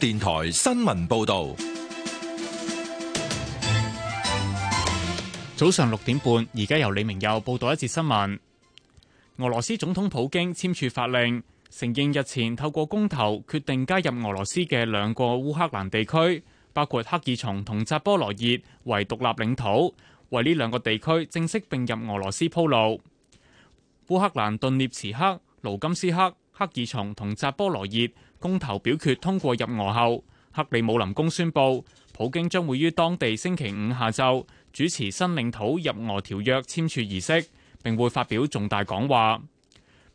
電台新聞報道，早上六點半，而家由李明佑報道一節新聞。俄羅斯總統普京簽署法令，承認日前透過公投決定加入俄羅斯嘅兩個烏克蘭地區，包括克爾松同扎波羅熱為獨立領土，為呢兩個地區正式併入俄羅斯鋪路。烏克蘭頓涅茨克、盧甘斯克、克爾松同扎波羅熱。公投表決通過入俄後，克里姆林宮宣布，普京將會於當地星期五下晝主持新領土入俄條約簽署儀式，並會發表重大講話。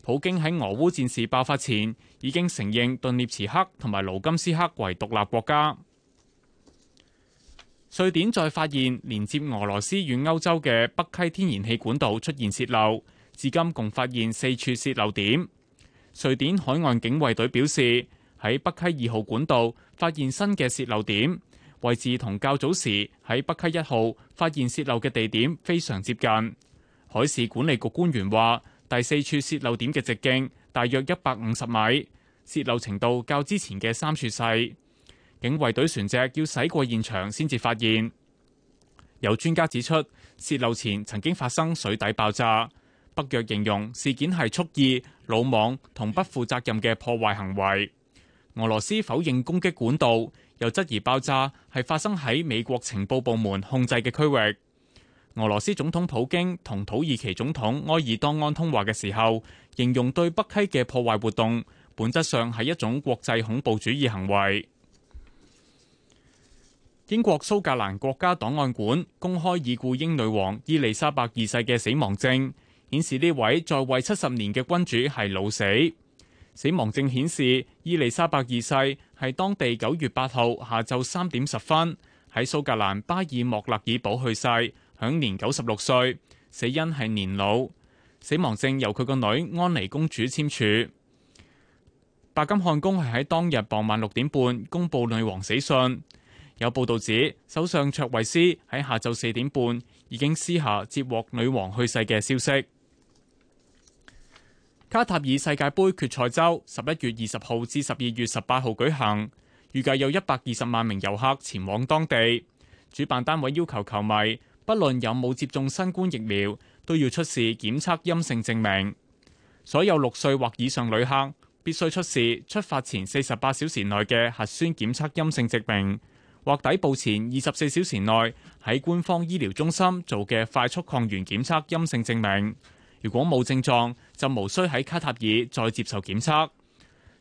普京喺俄烏戰事爆發前已經承認頓涅茨克同埋盧甘斯克為獨立國家。瑞典再發現連接俄羅斯與歐洲嘅北溪天然氣管道出現泄漏，至今共發現四處泄漏點。瑞典海岸警衛隊表示，喺北溪二號管道發現新嘅泄漏點，位置同較早時喺北溪一號發現泄漏嘅地點非常接近。海事管理局官員話，第四處泄漏點嘅直徑大約一百五十米，泄漏程度較之前嘅三處細。警衛隊船隻要駛過現場先至發現。有專家指出，泄漏前曾經發生水底爆炸。北約形容事件係蓄意、魯莽同不負責任嘅破壞行為。俄羅斯否認攻擊管道，又質疑爆炸係發生喺美國情報部門控制嘅區域。俄羅斯總統普京同土耳其總統埃爾多安通話嘅時候，形容對北溪嘅破壞活動，本質上係一種國際恐怖主義行為。英國蘇格蘭國家檔案館公開已故英女王伊麗莎白二世嘅死亡證。顯示呢位在位七十年嘅君主係老死，死亡證顯示伊麗莎白二世係當地九月八號下晝三點十分喺蘇格蘭巴爾莫勒爾堡去世，享年九十六歲，死因係年老。死亡證由佢個女安妮公主簽署。白金漢宮係喺當日傍晚六點半公布女王死訊。有報導指，首相卓慧思喺下晝四點半已經私下接獲女王去世嘅消息。卡塔爾世界盃決賽週十一月二十號至十二月十八號舉行，預計有一百二十萬名遊客前往當地。主辦單位要求球迷，不論有冇接種新冠疫苗，都要出示檢測陰性證明。所有六歲或以上旅客必須出示出發前四十八小時內嘅核酸檢測陰性證明，或抵埗前二十四小時內喺官方醫療中心做嘅快速抗原檢測陰性證明。如果冇症狀，就無需喺卡塔爾再接受檢測。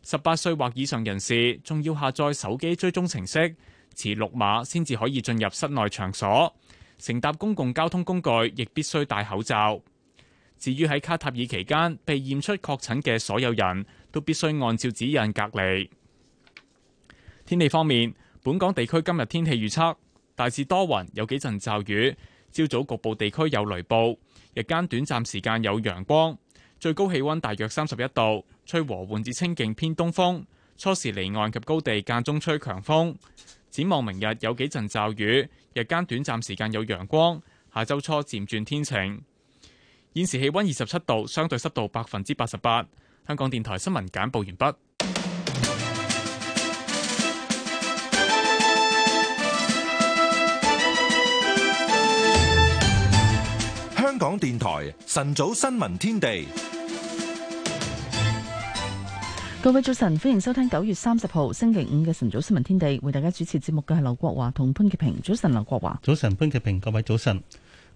十八歲或以上人士仲要下載手機追蹤程式，持綠碼先至可以進入室內場所。乘搭公共交通工具亦必須戴口罩。至於喺卡塔爾期間被驗出確診嘅所有人，都必須按照指引隔離。天氣方面，本港地區今日天氣預測大致多雲，有幾陣驟雨，朝早局部地區有雷暴。日間短暫時間有陽光，最高氣温大約三十一度，吹和緩至清勁偏東風。初時離岸及高地間中吹強風。展望明日有幾陣驟雨，日間短暫時間有陽光，下周初漸轉天晴。現時氣温二十七度，相對濕度百分之八十八。香港電台新聞簡報完畢。港電台晨早新聞天地，各位早晨，歡迎收聽九月三十號星期五嘅晨早新聞天地。為大家主持節目嘅係劉國華同潘潔平。早晨，劉國華。早晨，潘潔平。各位早晨。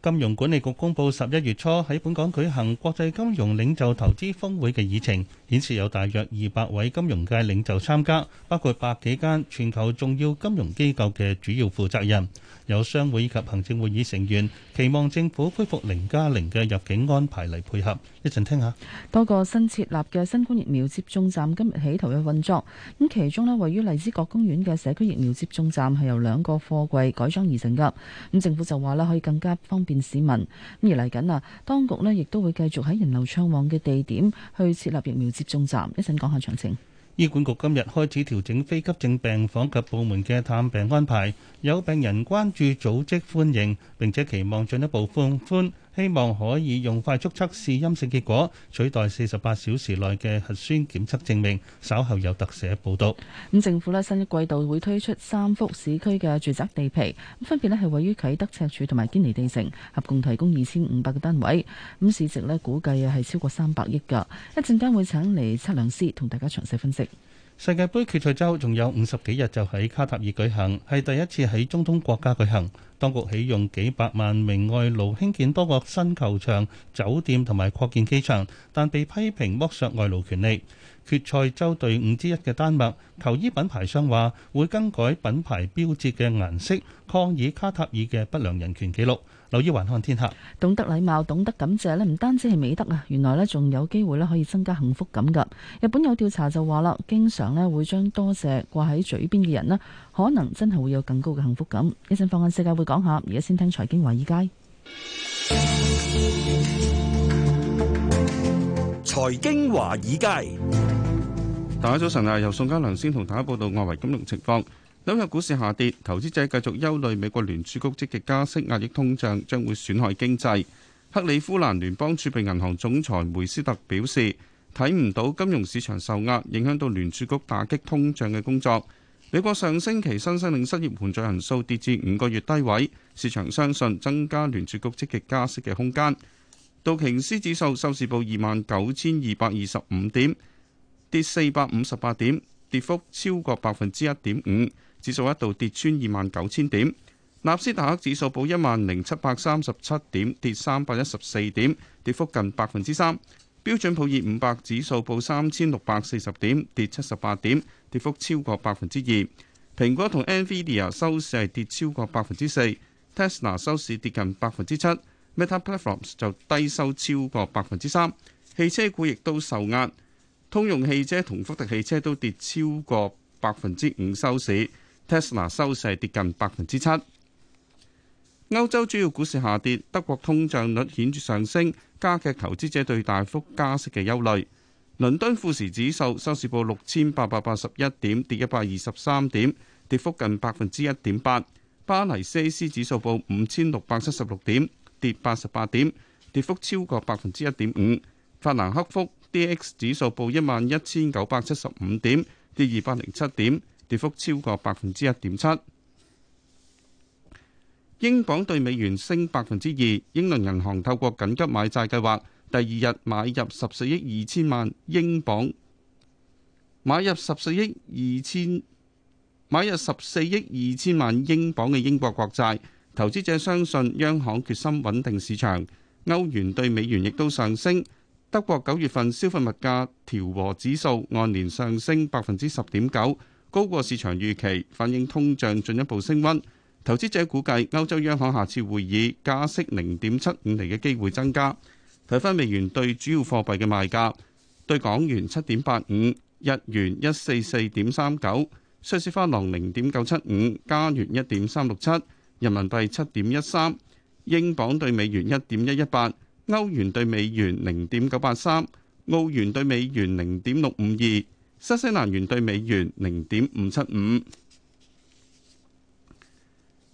金融管理局公布十一月初喺本港舉行國際金融領袖投資峰會嘅議程，顯示有大約二百位金融界領袖參加，包括百幾間全球重要金融機構嘅主要負責人。有商會以及行政會議成員期望政府恢復零加零嘅入境安排嚟配合，一陣聽下。多個新設立嘅新冠疫苗接種站今日起投入運作，咁其中咧位於荔枝角公園嘅社區疫苗接種站係由兩個貨櫃改裝而成㗎。咁政府就話啦，可以更加方便市民。咁而嚟緊啊，當局咧亦都會繼續喺人流暢旺嘅地點去設立疫苗接種站，一陣講下詳情。醫管局今日開始調整非急症病房及部門嘅探病安排，有病人關注組織歡迎，並且期望進一步放寬。希望可以用快速測試陰性結果取代四十八小時內嘅核酸檢測證明。稍後有特寫報導。咁政府咧新一季度會推出三幅市區嘅住宅地皮，分別咧係位於啟德、赤柱同埋堅尼地城，合共提供二千五百個單位。咁市值咧估計係超過三百億㗎。一陣間會請嚟測量師同大家詳細分析。世界杯決賽周仲有五十幾日就喺卡塔爾舉行，係第一次喺中東國家舉行。當局起用幾百萬名外勞興建多個新球場、酒店同埋擴建機場，但被批評剝削外勞權利。決賽周隊伍之一嘅丹麥球衣品牌商話，會更改品牌標誌嘅顏色，抗議卡塔爾嘅不良人權記錄。留意雲看天下，懂得禮貌、懂得感謝呢唔單止係美德啊！原來呢，仲有機會咧可以增加幸福感噶。日本有調查就話啦，經常呢會將多謝掛喺嘴邊嘅人呢可能真係會有更高嘅幸福感。一陣放眼世界會講下，而家先聽財經華爾街。財經華爾街，大家早晨啊！由宋嘉良先同大家報道外圍金融情況。紐約股市下跌，投資者繼續憂慮美國聯儲局積極加息壓抑通脹，將會損害經濟。克里夫蘭聯邦儲備銀行總裁梅斯特表示，睇唔到金融市場受壓影響到聯儲局打擊通脹嘅工作。美國上星期新申領失業援助人數跌至五個月低位，市場相信增加聯儲局積極加息嘅空間。道瓊斯指數收市報二萬九千二百二十五點，跌四百五十八點，跌幅超過百分之一點五。指數一度跌穿二萬九千點，納斯達克指數報一萬零七百三十七點，跌三百一十四點，跌幅近百分之三。標準普爾五百指數報三千六百四十點，跌七十八點，跌幅超過百分之二。蘋果同 NVIDIA 收市係跌超過百分之四，Tesla 收市跌近百分之七，Meta Platforms 就低收超過百分之三。汽車股亦都受壓，通用汽車同福特汽車都跌超過百分之五收市。Tesla 收市跌近百分之七，歐洲主要股市下跌，德國通脹率顯著上升，加劇投資者對大幅加息嘅憂慮。倫敦富時指數收市報六千八百八十一點，跌一百二十三點，跌幅近百分之一點八。巴黎 CAC 指數報五千六百七十六點，跌八十八點，跌幅超過百分之一點五。法蘭克福 DAX 指數報一萬一千九百七十五點，跌二百零七點。跌幅超過百分之一點七，英鎊對美元升百分之二。英倫銀行透過緊急買債計劃，第二日買入十四億二千萬英鎊，買入十四億二千買入十四億二千萬英鎊嘅英國國債。投資者相信央行決心穩定市場。歐元對美元亦都上升。德國九月份消費物價調和指數按年上升百分之十點九。高過市場預期，反映通脹進一步升溫。投資者估計歐洲央行下次會議加息零點七五厘嘅機會增加。睇返美元對主要貨幣嘅賣價：對港元七點八五，日元一四四點三九，瑞士法郎零點九七五，加元一點三六七，人民幣七點一三，英鎊對美元一點一一八，歐元對美元零點九八三，澳元對美元零點六五二。新西蘭元兌美元零點五七五，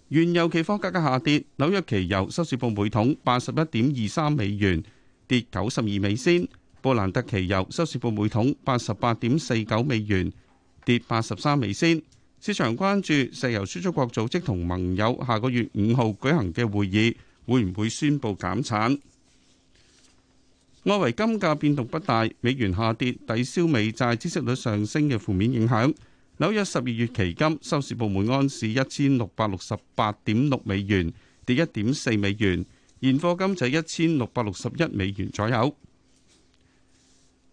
原油期貨價格下跌，紐約期油收市報每桶八十一點二三美元，跌九十二美仙；布蘭特期油收市報每桶八十八點四九美元，跌八十三美仙。市場關注石油輸出國組織同盟友下個月五號舉行嘅會議，會唔會宣佈減產？外圍金價變動不大，美元下跌抵消美債孳息率上升嘅負面影響。紐約十二月期金收市部門安市一千六百六十八點六美元，跌一點四美元；現貨金就一千六百六十一美元左右。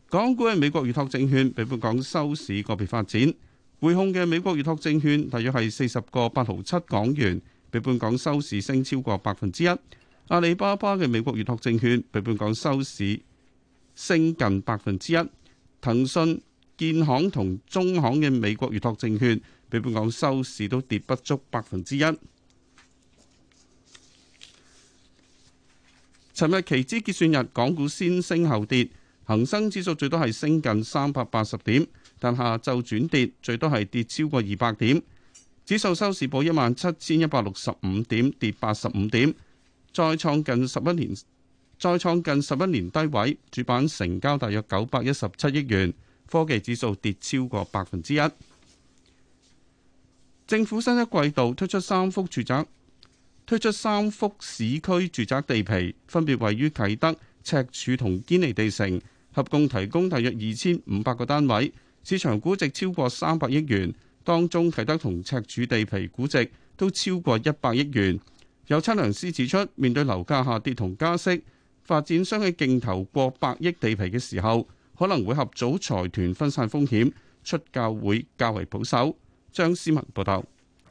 港股嘅美國預託證券，比本港收市個別發展，匯控嘅美國預託證券大約係四十個八毫七港元，比本港收市升超過百分之一。阿里巴巴嘅美國預託證券比本港收市升近百分之一，騰訊、建行同中行嘅美國預託證券比本港收市都跌不足百分之一。尋日期指結算日，港股先升後跌，恒生指數最多係升近三百八十點，但下晝轉跌，最多係跌超過二百點，指數收市報一萬七千一百六十五點，跌八十五點。再創近十一年，再創近十一年低位，主板成交大約九百一十七億元，科技指數跌超過百分之一。政府新一季度推出三幅住宅，推出三幅市區住宅地皮，分別位於啟德、赤柱同堅尼地城，合共提供大約二千五百個單位，市場估值超過三百億元，當中啟德同赤柱地皮估值都超過一百億元。有測量師指出，面對樓價下跌同加息，發展商喺競投過百億地皮嘅時候，可能會合組財團分散風險，出價會較為保守。張思文報道。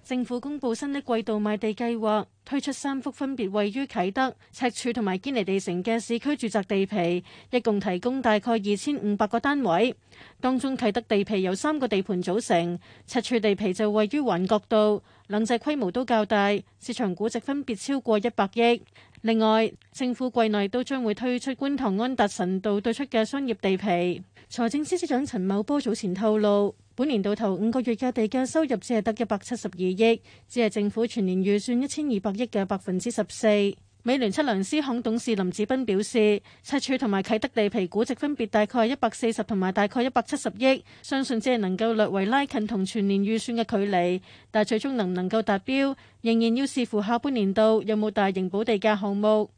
政府公布新一季度賣地計劃，推出三幅分別位於啟德、赤柱同埋堅尼地城嘅市區住宅地皮，一共提供大概二千五百個單位。當中啟德地皮由三個地盤組成，赤柱地皮就位於環角道，兩者規模都較大，市場估值分別超過一百億。另外，政府季內都將會推出觀塘安達臣道對出嘅商業地皮。財政司司長陳茂波早前透露。本年到頭五個月嘅地價收入只係得一百七十二億，只係政府全年預算一千二百億嘅百分之十四。美聯測量師行董事林子斌表示，赤柱同埋啟德地皮估值分別大概一百四十同埋大概一百七十億，相信只係能夠略為拉近同全年預算嘅距離，但最終能唔能夠達標，仍然要視乎下半年度有冇大型補地價項目。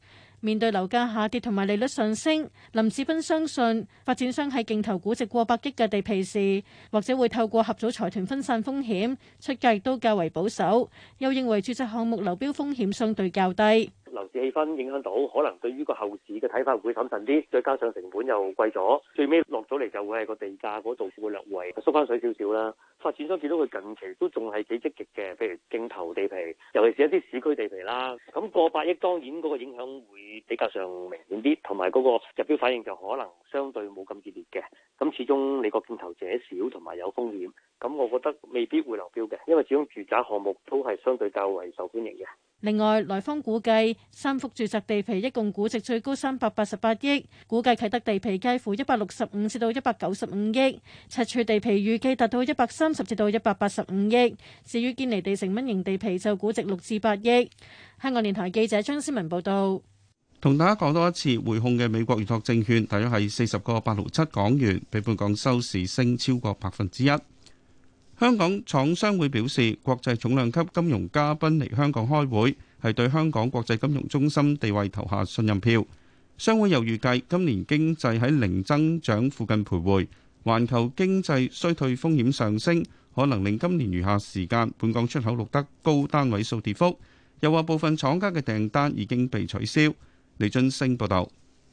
面對樓價下跌同埋利率上升，林志斌相信發展商喺競投估值過百億嘅地皮時，或者會透過合組財團分散風險，出價亦都較為保守。又認為住宅項目流標風險相對較低。樓市氣氛影響到，可能對於個後市嘅睇法會審慎啲，再加上成本又貴咗，最尾落咗嚟就會係個地價嗰度會略為縮翻水少少啦。發展商見到佢近期都仲係幾積極嘅，譬如競投地皮，尤其是一啲市區地皮啦。咁過百億當然嗰個影響會比較上明顯啲，同埋嗰個入標反應就可能相對冇咁熱烈嘅。咁始終你個競投者少，同埋有風險。咁，我覺得未必會流標嘅，因為始終住宅項目都係相對較為受歡迎嘅。另外，來方估計三幅住宅地皮一共估值最高三百八十八億，估計啟德地皮介乎一百六十五至到一百九十五億，赤柱地皮預計達到一百三十至到一百八十五億。至於堅尼地城蚊型地皮就估值六至八億。香港電台記者張思文報道。同大家講多一次，匯控嘅美國預託證券，大約係四十個八六七港元，比本港收市升超過百分之一。香港廠商會表示，國際重量級金融嘉賓嚟香港開會，係對香港國際金融中心地位投下信任票。商會又預計今年經濟喺零增長附近徘徊，環球經濟衰退風險上升，可能令今年餘下時間本港出口錄得高單位數跌幅。又話部分廠家嘅訂單已經被取消。李津升報道。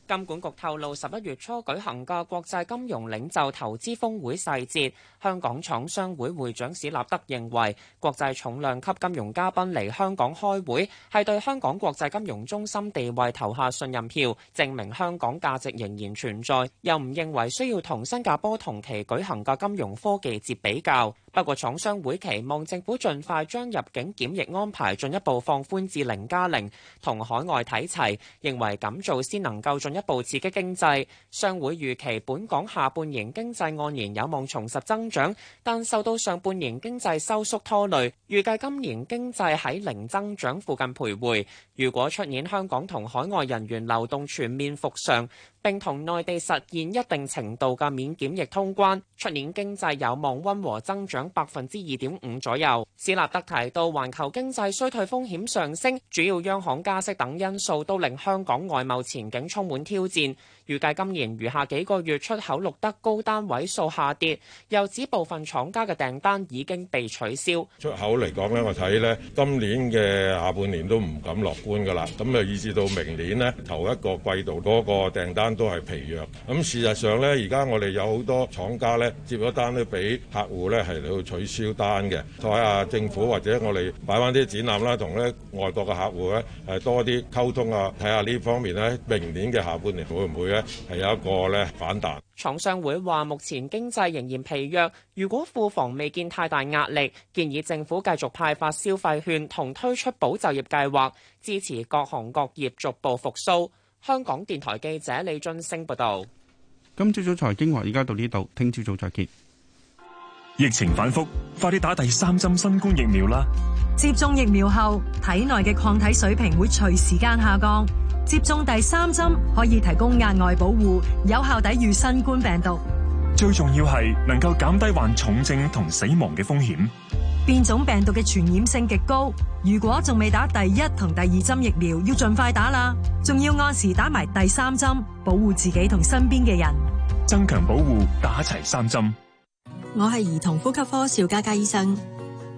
金管局透露十一月初舉行嘅國際金融領袖投資峰會細節，香港廠商會會長史立德認為，國際重量級金融嘉賓嚟香港開會，係對香港國際金融中心地位投下信任票，證明香港價值仍然存在。又唔認為需要同新加坡同期舉行嘅金融科技節比較。不過，廠商會期望政府盡快將入境檢疫安排進一步放寬至零加零同海外睇齊，認為咁做先能夠進一步刺激經濟。商會預期本港下半年經濟按年有望重拾增長，但受到上半年經濟收縮拖累，預計今年經濟喺零增長附近徘徊。如果出現香港同海外人員流動全面復常，並同內地實現一定程度嘅免檢疫通關，出年經濟有望溫和增長百分之二點五左右。史納德提到，環球經濟衰退風險上升、主要央行加息等因素都令香港外貿前景充滿挑戰。預計今年餘下幾個月出口錄得高單位數下跌，又指部分廠家嘅訂單已經被取消。出口嚟講呢，我睇呢，今年嘅下半年都唔敢樂觀㗎啦。咁啊，以至到明年呢頭一個季度嗰個訂單。都係疲弱。咁、啊、事實上呢，而家我哋有好多廠家咧接咗單咧，俾客戶咧係嚟到取消單嘅。睇下政府或者我哋擺翻啲展覽啦，同呢外國嘅客戶咧係多啲溝通啊，睇下呢方面呢，明年嘅下半年會唔會呢，係有一個呢反彈？廠商會話：目前經濟仍然疲弱，如果庫房未見太大壓力，建議政府繼續派發消費券，同推出保就業計劃，支持各行各業逐步復甦。香港電台記者李俊升報道：今朝早財經話，而家到呢度，聽朝早再見。疫情反覆，快啲打第三針新冠疫苗啦！接種疫苗後，體內嘅抗體水平會隨時間下降，接種第三針可以提供額外保護，有效抵御新冠病毒。最重要係能夠減低患重症同死亡嘅風險。變種病毒嘅傳染性極高，如果仲未打第一同第二針疫苗，要盡快打啦！仲要按時打埋第三針，保護自己同身邊嘅人，增強保護，打齊三針。我係兒童呼吸科邵家家醫生。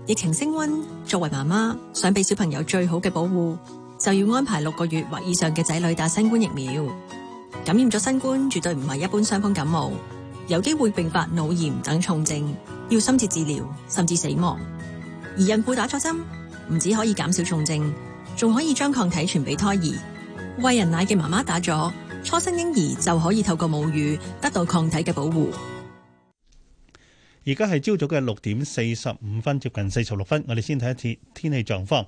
疫情升溫，作為媽媽，想俾小朋友最好嘅保護，就要安排六個月或以上嘅仔女打新冠疫苗。感染咗新冠，絕對唔係一般傷風感冒，有機會並發腦炎等重症。要深切治療，甚至死亡。而孕婦打咗針，唔止可以減少重症，仲可以將抗體傳俾胎兒。喂人奶嘅媽媽打咗，初生嬰兒就可以透過母乳得到抗體嘅保護。而家係朝早嘅六點四十五分，接近四十六分，我哋先睇一次天氣狀況。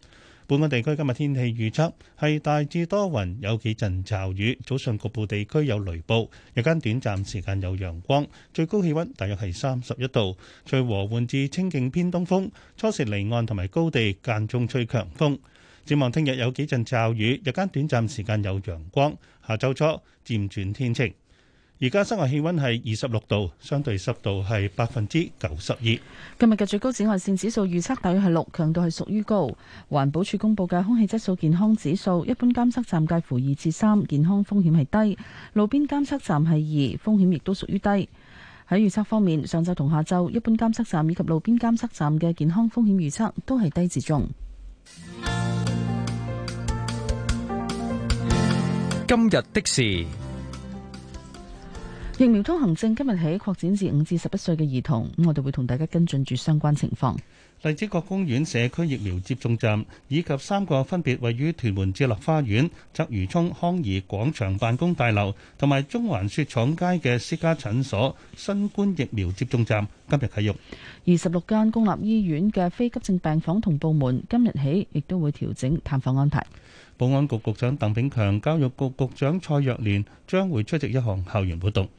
本港地區今日天氣預測係大致多雲，有幾陣驟雨，早上局部地區有雷暴，日間短暫時間有陽光，最高氣溫大約係三十一度，吹和緩至清勁偏東風，初時離岸同埋高地間中吹強風，展望聽日有幾陣驟雨，日間短暫時間有陽光，下週初漸轉天晴。而家室外氣溫係二十六度，相對濕度係百分之九十二。今日嘅最高紫外線指數預測大約係六，強度係屬於高。環保署公布嘅空氣質素健康指數，一般監測站介乎二至三，健康風險係低；路邊監測站係二，風險亦都屬於低。喺預測方面，上晝同下晝一般監測站以及路邊監測站嘅健康風險預測都係低至中。今日的事。疫苗通行證今日起擴展至五至十一歲嘅兒童，我哋會同大家跟進住相關情況。荔枝角公園社區疫苗接種站以及三個分別位於屯門置樂花園、鰂魚涌康怡廣場辦公大樓同埋中環雪廠街嘅私家診所新冠疫苗接種站今日啟用。二十六間公立醫院嘅非急症病房同部門今日起亦都會調整探訪安排。保安局局長鄧炳強、教育局局長蔡若蓮將會出席一項校園活動。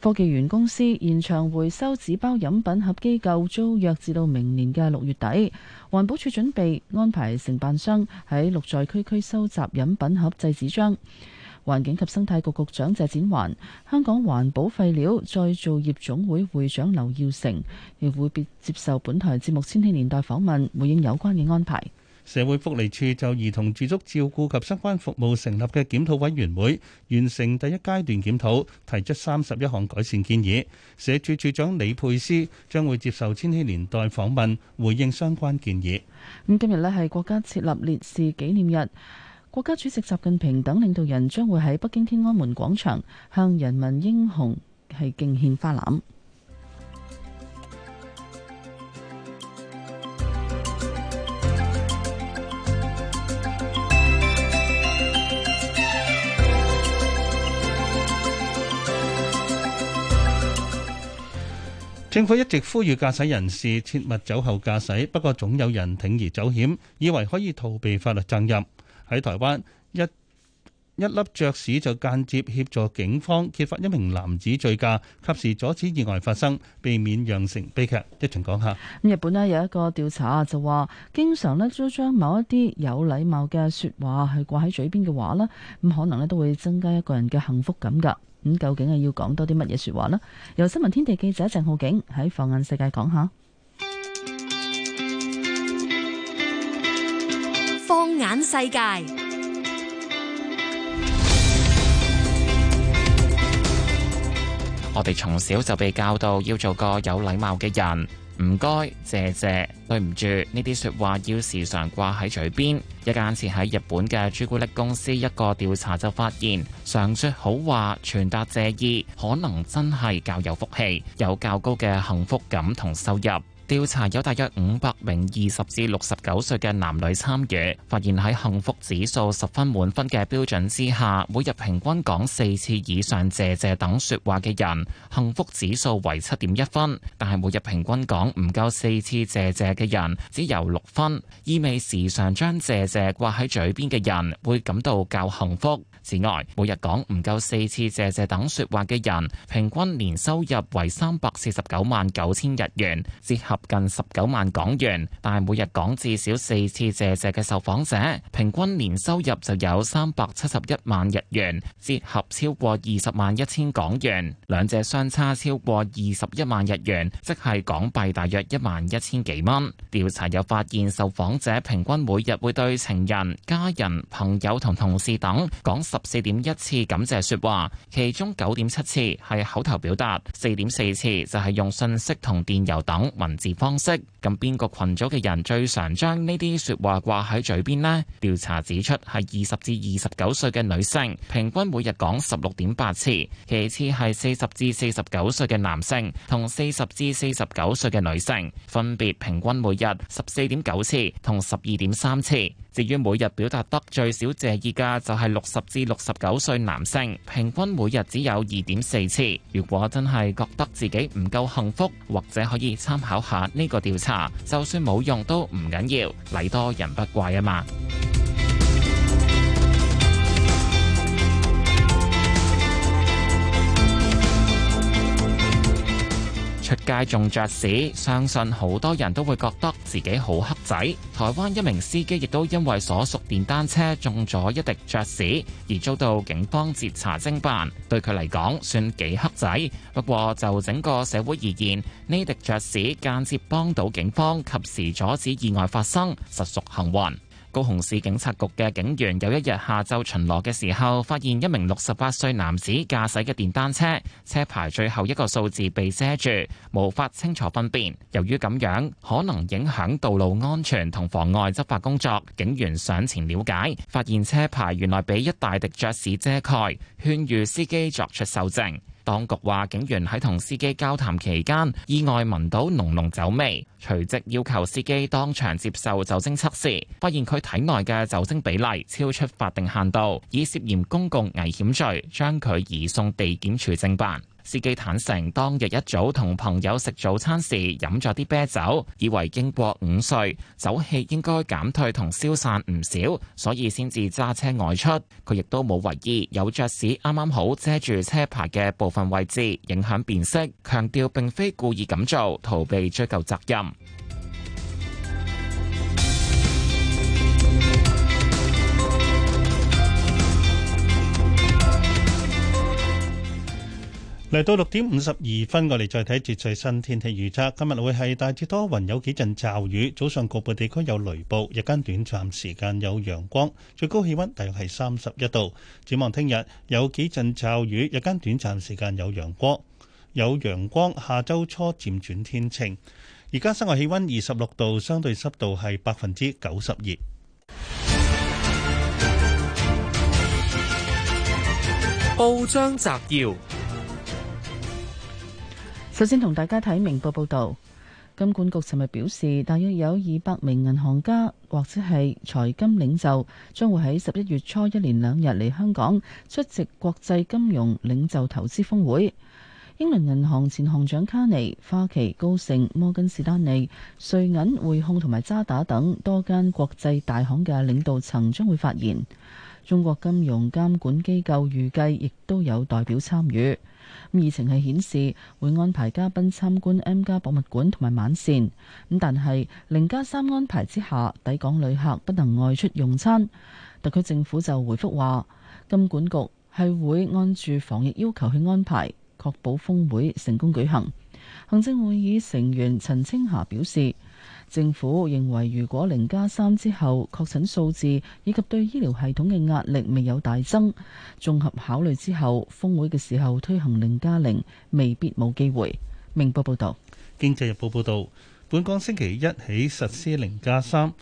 科技園公司現場回收紙包飲品盒，機構租約至到明年嘅六月底。環保署準備安排承辦商喺六在區區收集飲品盒製紙張。環境及生態局局長謝展寰、香港環保廢料再造業總會會長劉耀成亦會分別接受本台節目《千禧年代》訪問，回應有關嘅安排。社會福利署就兒童住宿照顧及相關服務成立嘅檢討委員會完成第一階段檢討，提出三十一項改善建議。社署署長李佩斯將會接受《千禧年代》訪問，回應相關建議。咁今日呢係國家設立烈士紀念日，國家主席習近平等領導人將會喺北京天安門廣場向人民英雄係敬獻花籃。政府一直呼籲駕駛人士切勿酒後駕駛，不過總有人鋌而走險，以為可以逃避法律責任。喺台灣，一一粒雀屎就間接協助警方揭發一名男子醉駕，及時阻止意外發生，避免釀成悲劇。一齊講下。日本咧有一個調查，就話經常咧都將某一啲有禮貌嘅説話係掛喺嘴邊嘅話呢，咁可能咧都會增加一個人嘅幸福感㗎。咁究竟係要講多啲乜嘢說話咧？由新聞天地記者鄭浩景喺放眼世界講下。放眼世界，我哋從小就被教導要做個有禮貌嘅人。唔該，謝謝，對唔住，呢啲說話要時常掛喺嘴邊。一間設喺日本嘅朱古力公司一個調查就發現，常說好話、傳達謝意，可能真係較有福氣，有較高嘅幸福感同收入。調查有大約五百名二十至六十九歲嘅男女參與，發現喺幸福指數十分滿分嘅標準之下，每日平均講四次以上謝謝等說話嘅人，幸福指數為七點一分；但係每日平均講唔夠四次謝謝嘅人，只有六分，意味時常將謝謝掛喺嘴邊嘅人會感到較幸福。此外，每日講唔夠四次謝謝等説話嘅人，平均年收入為三百四十九萬九千日元，折合近十九萬港元；但係每日講至少四次謝謝嘅受訪者，平均年收入就有三百七十一萬日元，折合超過二十萬一千港元，兩者相差超過二十一萬日元，即係港幣大約一萬一千幾蚊。調查又發現，受訪者平均每日會對情人、家人、朋友同同事等講講十四點一次感謝說話，其中九點七次係口頭表達，四點四次就係用信息同電郵等文字方式。咁邊個群組嘅人最常將呢啲說話掛喺嘴邊呢？調查指出係二十至二十九歲嘅女性，平均每日講十六點八次；其次係四十至四十九歲嘅男性，同四十至四十九歲嘅女性，分別平均每日十四點九次同十二點三次。至於每日表達得最少謝意嘅就係六十至六十九歲男性，平均每日只有二點四次。如果真係覺得自己唔夠幸福，或者可以參考下呢個調查，就算冇用都唔緊要，禮多人不怪啊嘛。出街中雀屎，相信好多人都會覺得自己好黑仔。台灣一名司機亦都因為所屬電單車中咗一滴雀屎，而遭到警方截查偵辦，對佢嚟講算幾黑仔。不過就整個社會而言，呢滴雀屎間接幫到警方，及時阻止意外發生，實屬幸運。高雄市警察局嘅警員有一日下晝巡邏嘅時候，發現一名六十八歲男子駕駛嘅電單車，車牌最後一個數字被遮住，無法清楚分辨。由於咁樣可能影響道路安全同妨礙執法工作，警員上前了解，發現車牌原來被一大滴雀屎遮蓋，勸喻司機作出修正。當局話，警員喺同司機交談期間，意外聞到濃濃酒味，隨即要求司機當場接受酒精測試，發現佢體內嘅酒精比例超出法定限度，以涉嫌公共危險罪，將佢移送地檢署偵辦。司機坦承，當日一早同朋友食早餐時飲咗啲啤酒，以為經過午睡，酒氣應該減退同消散唔少，所以先至揸車外出。佢亦都冇為意，有爵士啱啱好遮住車牌嘅部分位置，影響辨識。強調並非故意咁做，逃避追究責任。嚟到六點五十二分，我哋再睇一節最新天氣預測。今日會係大致多雲，有幾陣驟雨，早上局部地區有雷暴，日間短暫時間有陽光，最高氣温大約係三十一度。展望聽日有幾陣驟雨，日間短暫時間有陽光，有陽光，下周初漸轉天晴。而家室外氣温二十六度，相對濕度係百分之九十二。報章摘要。首先同大家睇明報報道，金管局尋日表示，大約有二百名銀行家或者係財金領袖，將會喺十一月初一連兩日嚟香港出席國際金融領袖投資峰會。英倫銀行前行長卡尼、花旗、高盛、摩根士丹利、瑞銀、匯控同埋渣打等多間國際大行嘅領導層將會發言。中國金融監管機構預計亦都有代表參與。疫情係顯示會安排嘉賓參觀 M 家博物館同埋晚膳，咁但係零加三安排之下，抵港旅客不能外出用餐。特區政府就回覆話，金管局係會按住防疫要求去安排，確保峰會成功舉行。行政會議成員陳清霞表示。政府認為，如果零加三之後確診數字以及對醫療系統嘅壓力未有大增，綜合考慮之後，峰會嘅時候推行零加零，未必冇機會。明報報導，《經濟日報》報導，本港星期一起實施零加三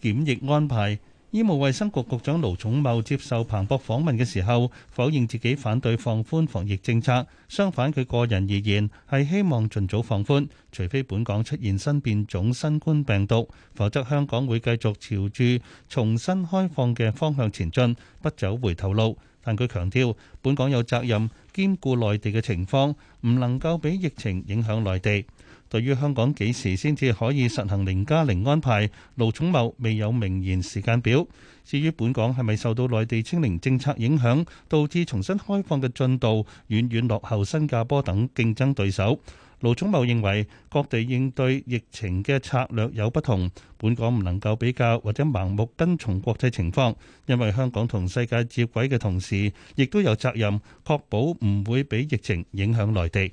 檢疫安排。醫務衛生局局長盧寵茂接受彭博訪問嘅時候，否認自己反對放寬防疫政策。相反，佢個人而言，係希望盡早放寬，除非本港出現新變種新冠病毒，否則香港會繼續朝住重新開放嘅方向前進，不走回頭路。但佢強調，本港有責任兼顧內地嘅情況，唔能夠俾疫情影響內地。對於香港幾時先至可以實行零加零安排，盧寵茂未有明言時間表。至於本港係咪受到內地清零政策影響，導致重新開放嘅進度遠遠落後新加坡等競爭對手，盧寵茂認為各地應對疫情嘅策略有不同，本港唔能夠比較或者盲目跟從國際情況，因為香港同世界接軌嘅同時，亦都有責任確保唔會俾疫情影響內地。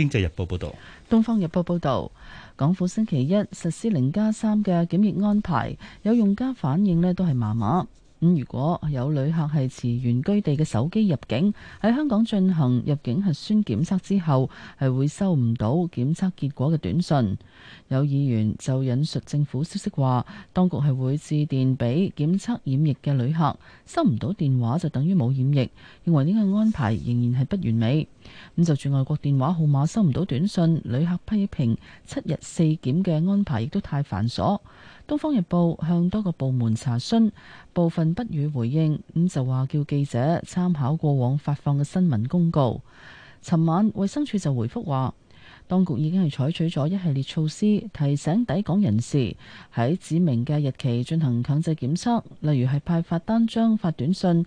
《經濟日報》報導，《東方日報》報導，港府星期一實施零加三嘅檢疫安排，有用家反應咧都係麻麻。咁如果有旅客係持原居地嘅手機入境，喺香港進行入境核酸檢測之後，係會收唔到檢測結果嘅短信。有議員就引述政府消息話，當局係會致電俾檢測染疫嘅旅客，收唔到電話就等於冇染疫，認為呢個安排仍然係不完美。咁就住外國電話號碼收唔到短信，旅客批評七日四檢嘅安排亦都太繁瑣。《東方日報》向多個部門查詢，部分不予回應，咁就話叫記者參考過往發放嘅新聞公告。尋晚，衛生署就回覆話，當局已經係採取咗一系列措施，提醒抵港人士喺指明嘅日期進行強制檢測，例如係派發單張、發短信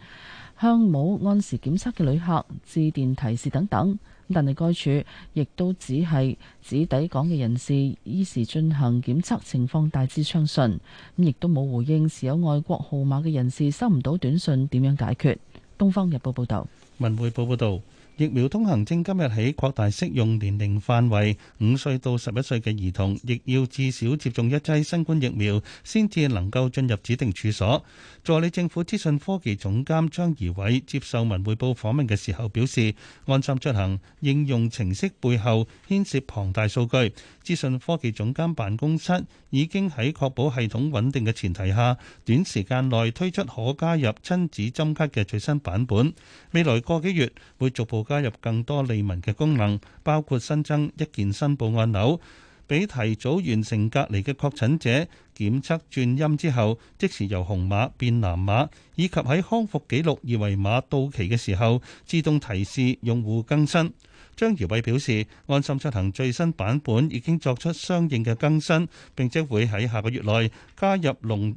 向冇按時檢測嘅旅客致電提示等等。但係，該處亦都只係指抵港嘅人士依時進行檢測，情況大致暢順。咁亦都冇回應，持有外國號碼嘅人士收唔到短訊點樣解決？《東方日報》報道。《文匯報》報道。疫苗通行證今日起擴大適用年齡範圍，五歲到十一歲嘅兒童亦要至少接種一劑新冠疫苗，先至能夠進入指定處所。助理政府資訊科技總監張怡偉接受文匯報訪問嘅時候表示，安心出行應用程式背後牽涉龐大數據，資訊科技總監辦公室已經喺確保系統穩定嘅前提下，短時間內推出可加入親子針卡嘅最新版本。未來個幾月會逐步加入更多利民嘅功能，包括新增一鍵申報按鈕，俾提早完成隔離嘅確診者檢測轉陰之後，即時由紅碼變藍碼，以及喺康復記錄二維碼到期嘅時候，自動提示用戶更新。張耀偉表示，安心出行最新版本已經作出相應嘅更新，並且會喺下個月內加入龍。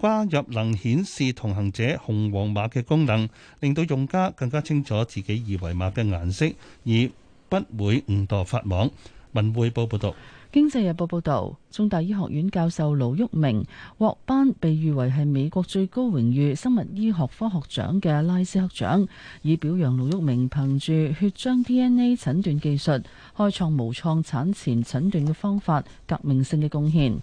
加入能顯示同行者紅黃碼嘅功能，令到用家更加清楚自己二維碼嘅顏色，而不會誤墮法網。文匯報報導，經濟日報報導，中大醫學院教授盧煜明獲頒被譽為係美國最高榮譽生物醫學科學獎嘅拉斯克獎，以表揚盧煜明憑住血漿 DNA 診斷技術開創無創產前診斷嘅方法，革命性嘅貢獻。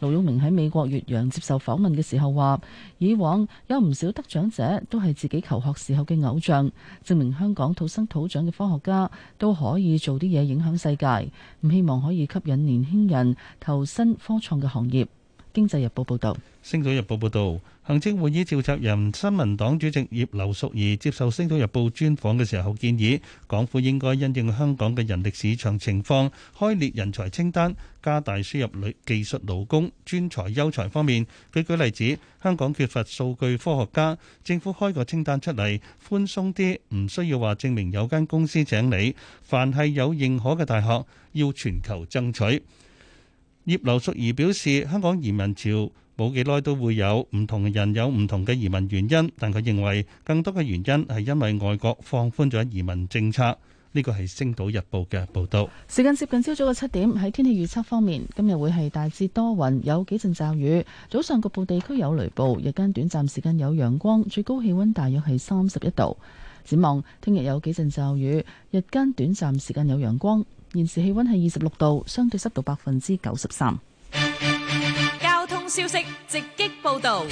盧永明喺美國越洋接受訪問嘅時候話，以往有唔少得獎者都係自己求學時候嘅偶像，證明香港土生土長嘅科學家都可以做啲嘢影響世界，唔希望可以吸引年輕人投身科創嘅行業。經濟日報報道，星島日報報道，行政會議召集人、新民黨主席葉劉淑儀接受星島日報專訪嘅時候建議，港府應該因應香港嘅人力市場情況，開列人才清單，加大輸入女技術勞工、專才、優才方面。舉舉例子，香港缺乏數據科學家，政府開個清單出嚟，寬鬆啲，唔需要話證明有間公司請你，凡係有認可嘅大學，要全球爭取。葉劉淑儀表示，香港移民潮冇幾耐，都會有，唔同嘅人有唔同嘅移民原因，但佢認為更多嘅原因係因為外國放寬咗移民政策。呢個係《星島日報》嘅報道。時間接近朝早嘅七點，喺天氣預測方面，今日會係大致多雲，有幾陣驟雨，早上局部地區有雷暴，日間短暫時間有陽光，最高氣温大約係三十一度。展望聽日有幾陣驟雨，日間短暫時間有陽光。現時氣溫係二十六度，相對濕度百分之九十三。交通消息直擊報道。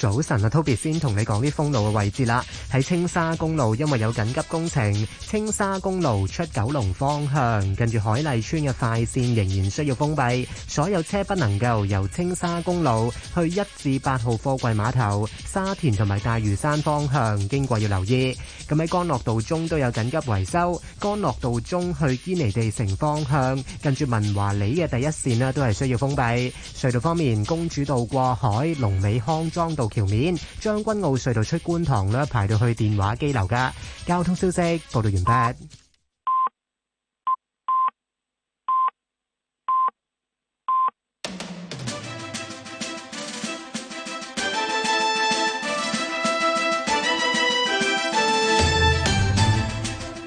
早晨啊，Toby 先同你講啲封路嘅位置啦。喺青沙公路，因為有緊急工程，青沙公路出九龍方向，近住海麗村嘅快線仍然需要封閉，所有車不能夠由青沙公路去一至八號貨櫃碼頭、沙田同埋大嶼山方向經過要留意。咁喺干諾道中都有緊急維修，干諾道中去堅尼地城方向，近住文華里嘅第一線咧都係需要封閉。隧道方面，公主道過海、龍尾康莊道。橋面，將軍澳隧道出觀塘咧，排到去電話機樓噶。交通消息報道完畢。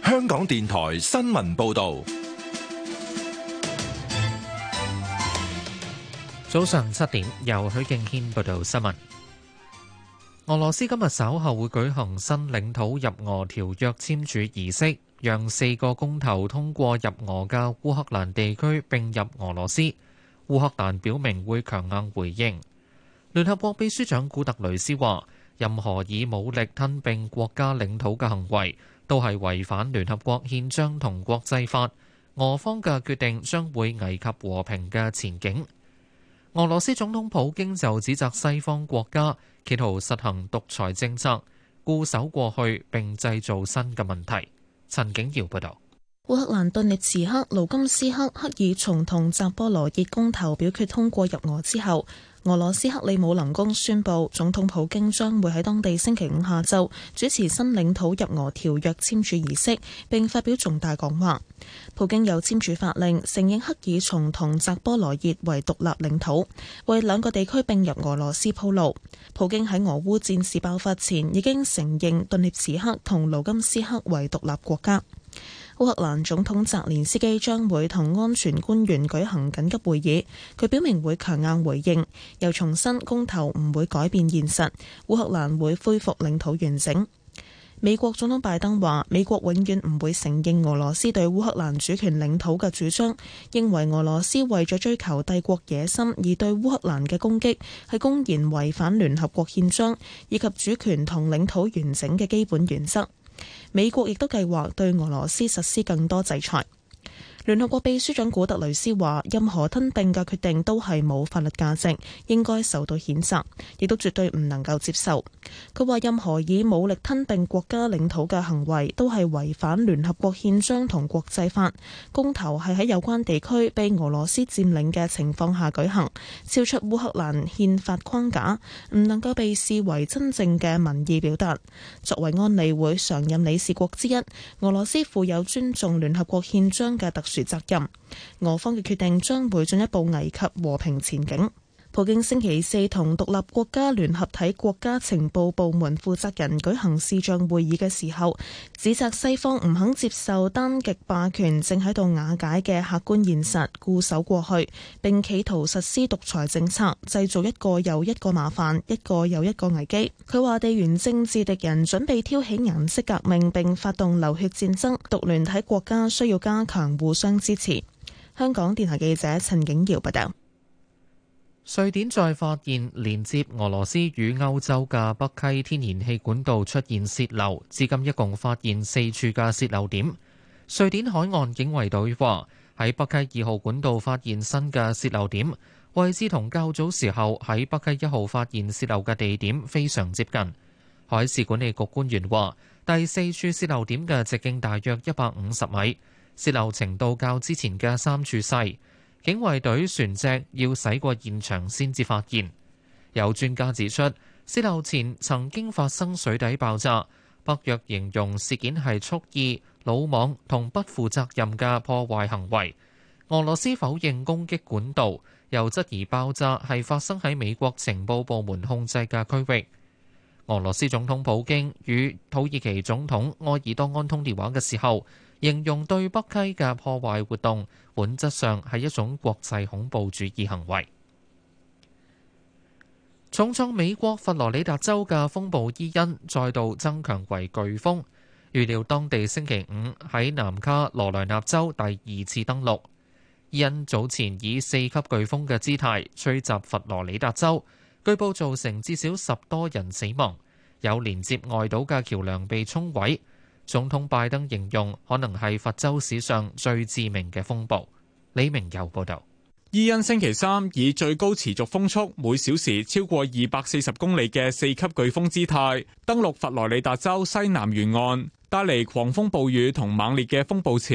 香港電台新聞報道，早上七點由許敬軒報道新聞。俄羅斯今日稍後會舉行新領土入俄條約簽署儀式，讓四個公投通過入俄嘅烏克蘭地區併入俄羅斯。烏克蘭表明會強硬回應。聯合國秘書長古特雷斯話，任何以武力吞併國家領土嘅行為都係違反聯合國憲章同國際法。俄方嘅決定將會危及和平嘅前景。俄羅斯總統普京就指責西方國家。企圖實行獨裁政策，固守過去並製造新嘅問題。陳景瑤報道：烏克蘭頓涅茨克、盧甘斯克、克爾松同扎波羅熱公投表決通過入俄之後。俄羅斯克里姆林宮宣布，總統普京將會喺當地星期五下晝主持新領土入俄條約簽署儀式，並發表重大講話。普京有簽署法令承認克爾松同澤波羅熱為獨立領土，為兩個地區並入俄羅斯鋪路。普京喺俄烏戰事爆發前已經承認頓涅茨克同盧甘斯克為獨立國家。烏克蘭總統澤連斯基將會同安全官員舉行緊急會議，佢表明會強硬回應，又重申公投唔會改變現實，烏克蘭會恢復領土完整。美國總統拜登話：美國永遠唔會承認俄羅斯對烏克蘭主權領土嘅主張，認為俄羅斯為咗追求帝國野心而對烏克蘭嘅攻擊係公然違反聯合國憲章以及主權同領土完整嘅基本原則。美國亦都計劃對俄羅斯實施更多制裁。聯合國秘書長古特雷斯話：任何吞併嘅決定都係冇法律價值，應該受到譴責，亦都絕對唔能夠接受。佢話：任何以武力吞併國家領土嘅行為都係違反聯合國憲章同國際法。公投係喺有關地區被俄羅斯佔領嘅情況下舉行，超出烏克蘭憲法框架，唔能夠被視為真正嘅民意表達。作為安理會常任理事國之一，俄羅斯負有尊重聯合國憲章嘅特。負責任，俄方嘅決定將會進一步危及和平前景。普京星期四同獨立國家聯合體國家情報部門負責人舉行視像會議嘅時候，指責西方唔肯接受單極霸權正喺度瓦解嘅客觀現實，固守過去，並企圖實施獨裁政策，製造一個又一個麻煩，一個又一個危機。佢話地緣政治敵人準備挑起顏色革命，並發動流血戰爭。獨聯體國家需要加強互相支持。香港電台記者陳景堯報道。瑞典再發現連接俄羅斯與歐洲嘅北溪天然氣管道出現洩漏，至今一共發現四處嘅洩漏點。瑞典海岸警衛隊話喺北溪二號管道發現新嘅洩漏點，位置同較早時候喺北溪一號發現洩漏嘅地點非常接近。海事管理局官員話，第四處洩漏點嘅直徑大約一百五十米，洩漏程度較之前嘅三處細。警衛隊船隻要駛過現場先至發現。有專家指出，泄漏前曾經發生水底爆炸。北約形容事件係蓄意、魯莽同不負責任嘅破壞行為。俄羅斯否認攻擊管道，又質疑爆炸係發生喺美國情報部門控制嘅區域。俄羅斯總統普京與土耳其總統埃爾多安通電話嘅時候。形容對北溪嘅破壞活動，本質上係一種國際恐怖主義行為。重創美國佛羅里達州嘅風暴伊恩再度增強為颶風，預料當地星期五喺南卡羅萊納州第二次登陸。伊恩早前以四級颶風嘅姿態吹襲佛羅里達州，據報造成至少十多人死亡，有連接外島嘅橋梁被沖毀。總統拜登形容可能係佛州史上最致命嘅風暴。李明又報道，伊恩星期三以最高持續風速每小時超過二百四十公里嘅四級颶風姿態登陸佛羅里達州西南沿岸，帶嚟狂風暴雨同猛烈嘅風暴潮，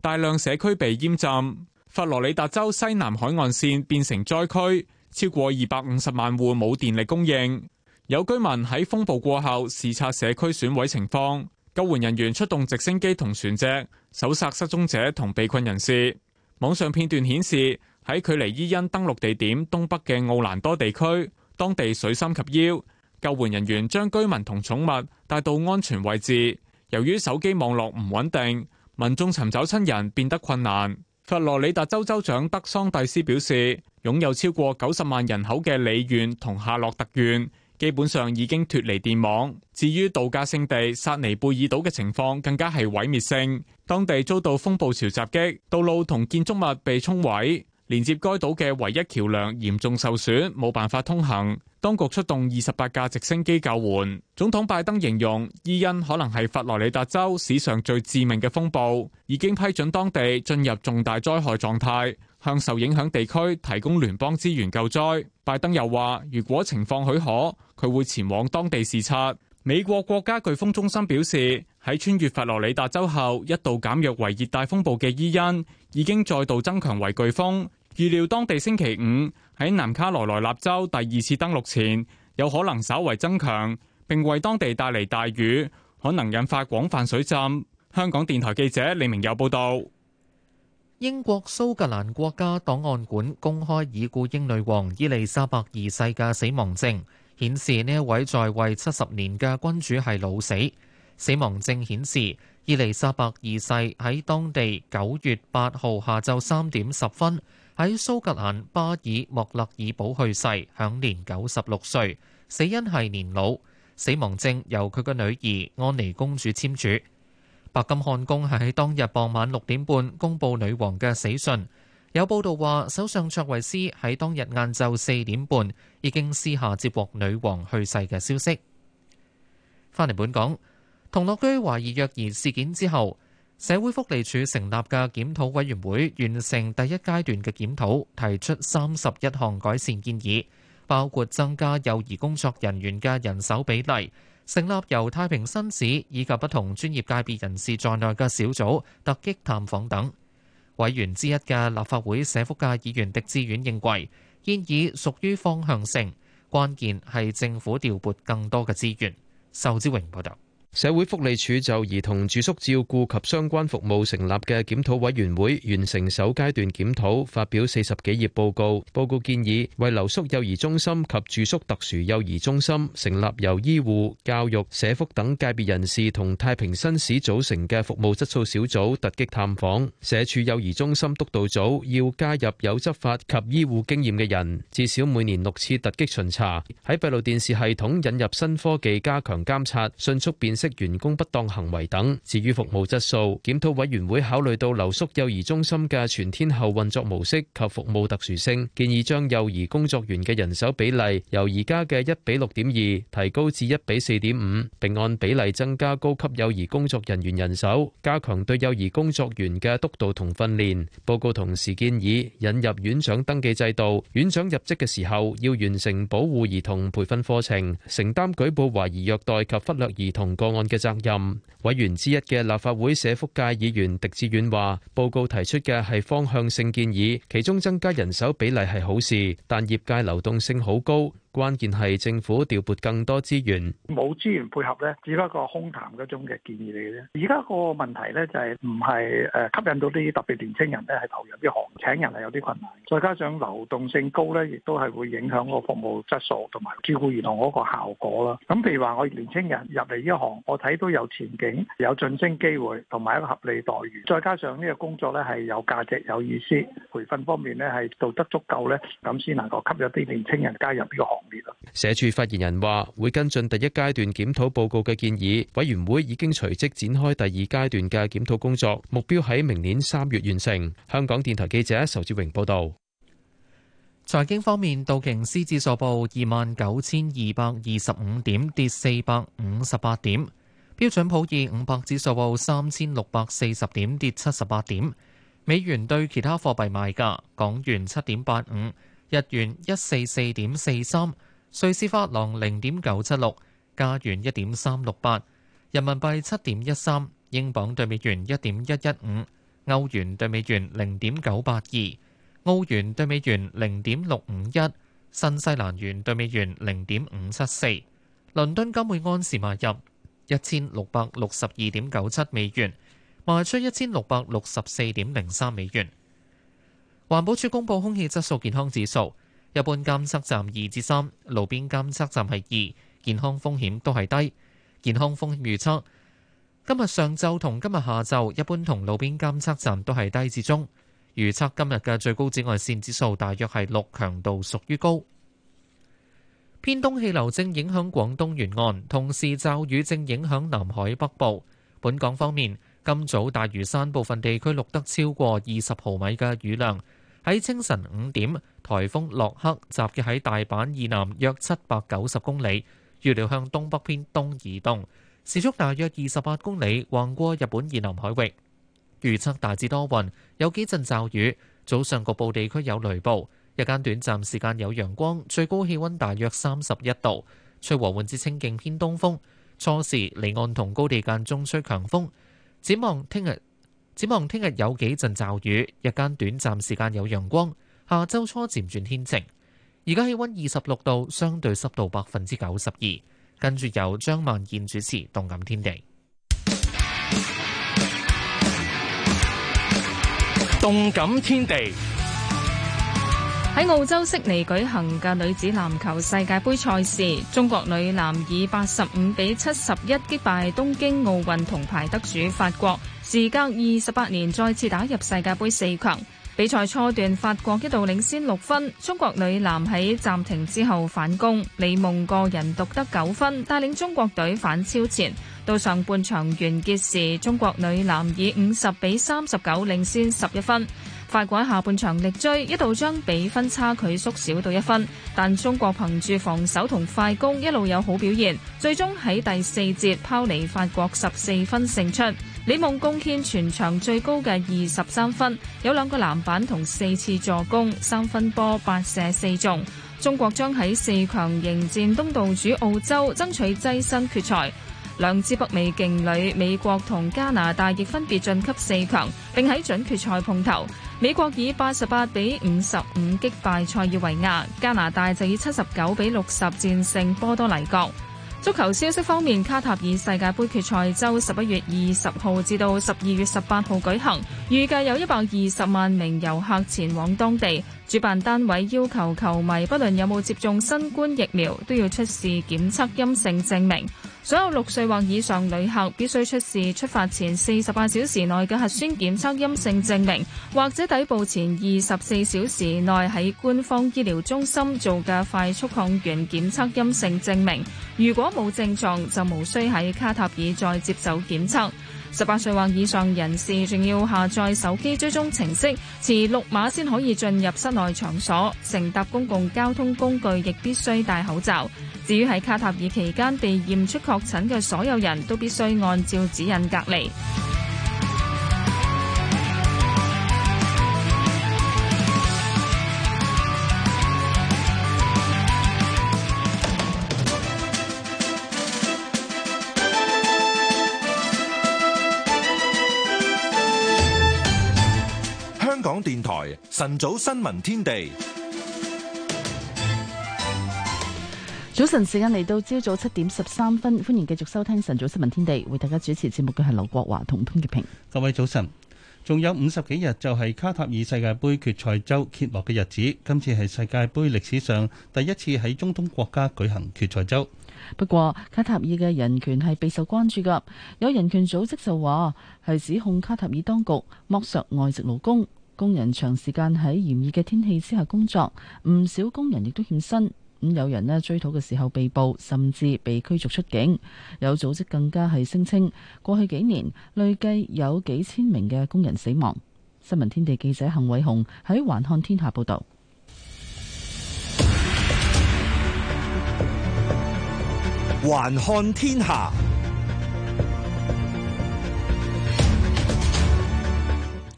大量社區被淹浸，佛羅里達州西南海岸線變成災區，超過二百五十萬戶冇電力供應。有居民喺風暴過後視察社區損毀情況。救援人員出動直升機同船隻，搜索失蹤者同被困人士。網上片段顯示，喺距離伊恩登陸地點東北嘅奧蘭多地區，當地水深及腰，救援人員將居民同寵物帶到安全位置。由於手機網絡唔穩定，民眾尋找親人變得困難。佛羅里達州州長德桑蒂斯表示，擁有超過九十萬人口嘅李縣同夏洛特縣，基本上已經脱離電網。至於度假勝地薩尼貝爾島嘅情況更加係毀滅性，當地遭到風暴潮襲擊，道路同建築物被沖毀，連接該島嘅唯一橋梁嚴重受損，冇辦法通行。當局出動二十八架直升機救援。總統拜登形容伊恩可能係佛羅里達州史上最致命嘅風暴，已經批准當地進入重大災害狀態。向受影響地區提供聯邦資源救災。拜登又話：如果情況許可，佢會前往當地視察。美國國家颶風中心表示，喺穿越佛羅里達州後一度減弱為熱帶風暴嘅伊恩，已經再度增強為颶風。預料當地星期五喺南卡羅來納州第二次登陸前，有可能稍為增強，並為當地帶嚟大雨，可能引發廣泛水浸。香港電台記者李明佑報導。英國蘇格蘭國家檔案館公開已故英女王伊麗莎白二世嘅死亡證，顯示呢一位在位七十年嘅君主係老死。死亡證顯示，伊麗莎白二世喺當地九月八號下晝三點十分喺蘇格蘭巴爾莫勒爾堡去世，享年九十六歲，死因係年老。死亡證由佢嘅女兒安妮公主簽署。白金漢宮係喺當日傍晚六點半公布女王嘅死訊。有報道話，首相卓維斯喺當日晏晝四點半已經私下接獲女王去世嘅消息。翻嚟本港，同樂居懷疑虐兒事件之後，社會福利署成立嘅檢討委員會完成第一階段嘅檢討，提出三十一項改善建議，包括增加幼兒工作人員嘅人手比例。成立由太平紳士以及不同專業界別人士在內嘅小組，突擊探訪等。委員之一嘅立法會社福界議員狄志遠認為，建議屬於方向性，關鍵係政府調撥更多嘅資源。仇志榮報道。社會福利署就兒童住宿照顧及相關服務成立嘅檢討委員會完成首階段檢討，發表四十幾頁報告。報告建議為留宿幼兒中心及住宿特殊幼兒中心成立由醫護、教育、社福等界別人士同太平紳士組成嘅服務質素小組突擊探訪。社署幼兒中心督導組要加入有執法及醫護經驗嘅人，至少每年六次突擊巡查。喺閉路電視系統引入新科技，加強監察，迅速辨識。員工不當行為等。至於服務質素，檢討委員會考慮到留宿幼兒中心嘅全天候運作模式及服務特殊性，建議將幼兒工作員嘅人手比例由而家嘅一比六點二提高至一比四點五，並按比例增加高級幼兒工作人員人手，加強對幼兒工作員嘅督導同訓練。報告同時建議引入院長登記制度，院長入職嘅時候要完成保護兒童培訓課程，承擔舉報懷疑虐待及忽略兒童個個案嘅責任委員之一嘅立法會社福界議員狄志遠話：報告提出嘅係方向性建議，其中增加人手比例係好事，但業界流動性好高。關鍵係政府調撥更多資源，冇資源配合呢，只不過空談嗰種嘅建議嚟嘅啫。而家個問題呢，就係唔係誒吸引到啲特別年青人呢？係投入呢行，請人係有啲困難，再加上流動性高呢，亦都係會影響個服務質素同埋照顧員同嗰個效果啦。咁譬如話我年青人入嚟呢行，我睇都有前景，有晉升機會，同埋一個合理待遇，再加上呢個工作呢，係有價值、有意思，培訓方面呢，係做得足夠呢，咁先能夠吸引啲年青人加入呢個行。社處發言人話：會跟進第一階段檢討報告嘅建議，委員會已經隨即展開第二階段嘅檢討工作，目標喺明年三月完成。香港電台記者仇志榮報道。財經方面，道瓊斯指數報二萬九千二百二十五點，跌四百五十八點；標準普爾五百指數報三千六百四十點，跌七十八點。美元對其他貨幣賣價，港元七點八五。日元一四四點四三，瑞士法郎零點九七六，加元一點三六八，人民幣七點一三，英鎊對美元一點一一五，歐元對美元零點九八二，澳元對美元零點六五一，新西蘭元對美元零點五七四。倫敦金會按時買入一千六百六十二點九七美元，賣出一千六百六十四點零三美元。環保署公布空氣質素健康指數，一般監測站二至三，路邊監測站係二，健康風險都係低。健康風險預測今日上晝同今日下晝，一般同路邊監測站都係低至中。預測今日嘅最高紫外線指數大約係六，強度屬於高。偏東氣流正影響廣東沿岸，同時驟雨正影響南海北部。本港方面，今早大嶼山部分地區錄得超過二十毫米嘅雨量。喺清晨五點，颱風洛克集結喺大阪以南約七百九十公里，預料向東北偏東移動，時速大約二十八公里，橫過日本以南海域。預測大致多雲，有幾陣驟雨，早上局部地區有雷暴，日間短暫時間有陽光，最高氣温大約三十一度，吹和緩至清勁偏東風，初時離岸同高地間中吹強風，展望聽日。展望聽日有幾陣驟雨，日間短暫時間有陽光，下周初漸轉天晴。而家氣温二十六度，相對濕度百分之九十二。跟住由張萬健主持《動感天地》。動感天地，喺澳洲悉尼舉行嘅女子籃球世界盃賽事，中國女籃以八十五比七十一擊敗東京奧運銅牌得主法國。時隔二十八年，再次打入世界盃四強。比賽初段，法國一度領先六分。中國女籃喺暫停之後反攻，李夢個人獨得九分，帶領中國隊反超前。到上半場完結時，中國女籃以五十比三十九領先十一分。法國下半場力追，一度將比分差距縮小到一分，但中國憑住防守同快攻一路有好表現，最終喺第四節拋離法國十四分勝出。李夢貢獻全場最高嘅二十三分，有兩個籃板同四次助攻，三分波八射四中。中國將喺四強迎戰東道主澳洲，爭取躋身決賽。兩支北美勁旅美國同加拿大亦分別晉級四強，並喺準決賽碰頭。美國以八十八比五十五擊敗塞爾維亞，加拿大就以七十九比六十戰勝波多黎各。足球消息方面，卡塔爾世界盃決賽周十一月二十號至到十二月十八號舉行，預計有一百二十萬名遊客前往當地。主辦單位要求球迷不論有冇接種新冠疫苗，都要出示檢測陰性證明。所有六歲或以上旅客必須出示出發前四十八小時內嘅核酸檢測陰性證明，或者抵埗前二十四小時內喺官方醫療中心做嘅快速抗原檢測陰性證明。如果冇症狀，就無需喺卡塔爾再接受檢測。十八歲或以上人士仲要下載手機追蹤程式，持綠碼先可以進入室內場所。乘搭公共交通工具亦必須戴口罩。至於喺卡塔爾期間被驗出確診嘅所有人，都必須按照指引隔離。電台晨早新聞天地，早晨時間嚟到，朝早七點十三分，歡迎繼續收聽晨早新聞天地。為大家主持節目嘅係劉國華同潘潔平。各位早晨，仲有五十幾日就係卡塔爾世界杯決賽周揭幕嘅日子。今次係世界杯歷史上第一次喺中東國家舉行決賽周。不過，卡塔爾嘅人權係備受關注噶，有人權組織就話係指控卡塔爾當局剝削外籍勞工。工人長時間喺炎熱嘅天氣之下工作，唔少工人亦都欠薪。咁有人咧追討嘅時候被捕，甚至被驅逐出境。有組織更加係聲稱，過去幾年累計有幾千名嘅工人死亡。新聞天地記者幸偉雄喺環看天下報道。環看天下。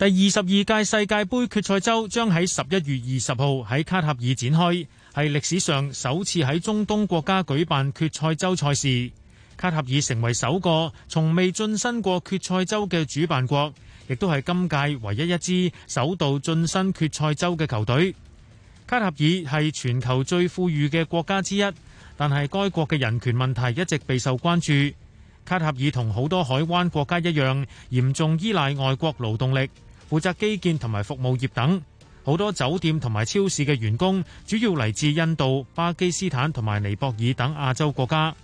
第二十二屆世界杯決賽周將喺十一月二十號喺卡塔爾展開，係歷史上首次喺中東國家舉辦決賽周賽事。卡塔爾成為首個從未晉身過決賽周嘅主辦國，亦都係今屆唯一一支首度晉身決賽周嘅球隊。卡塔爾係全球最富裕嘅國家之一，但係該國嘅人權問題一直備受關注。卡塔爾同好多海灣國家一樣，嚴重依賴外國勞動力。負責基建同埋服務業等，好多酒店同埋超市嘅員工主要嚟自印度、巴基斯坦同埋尼泊爾等亞洲國家。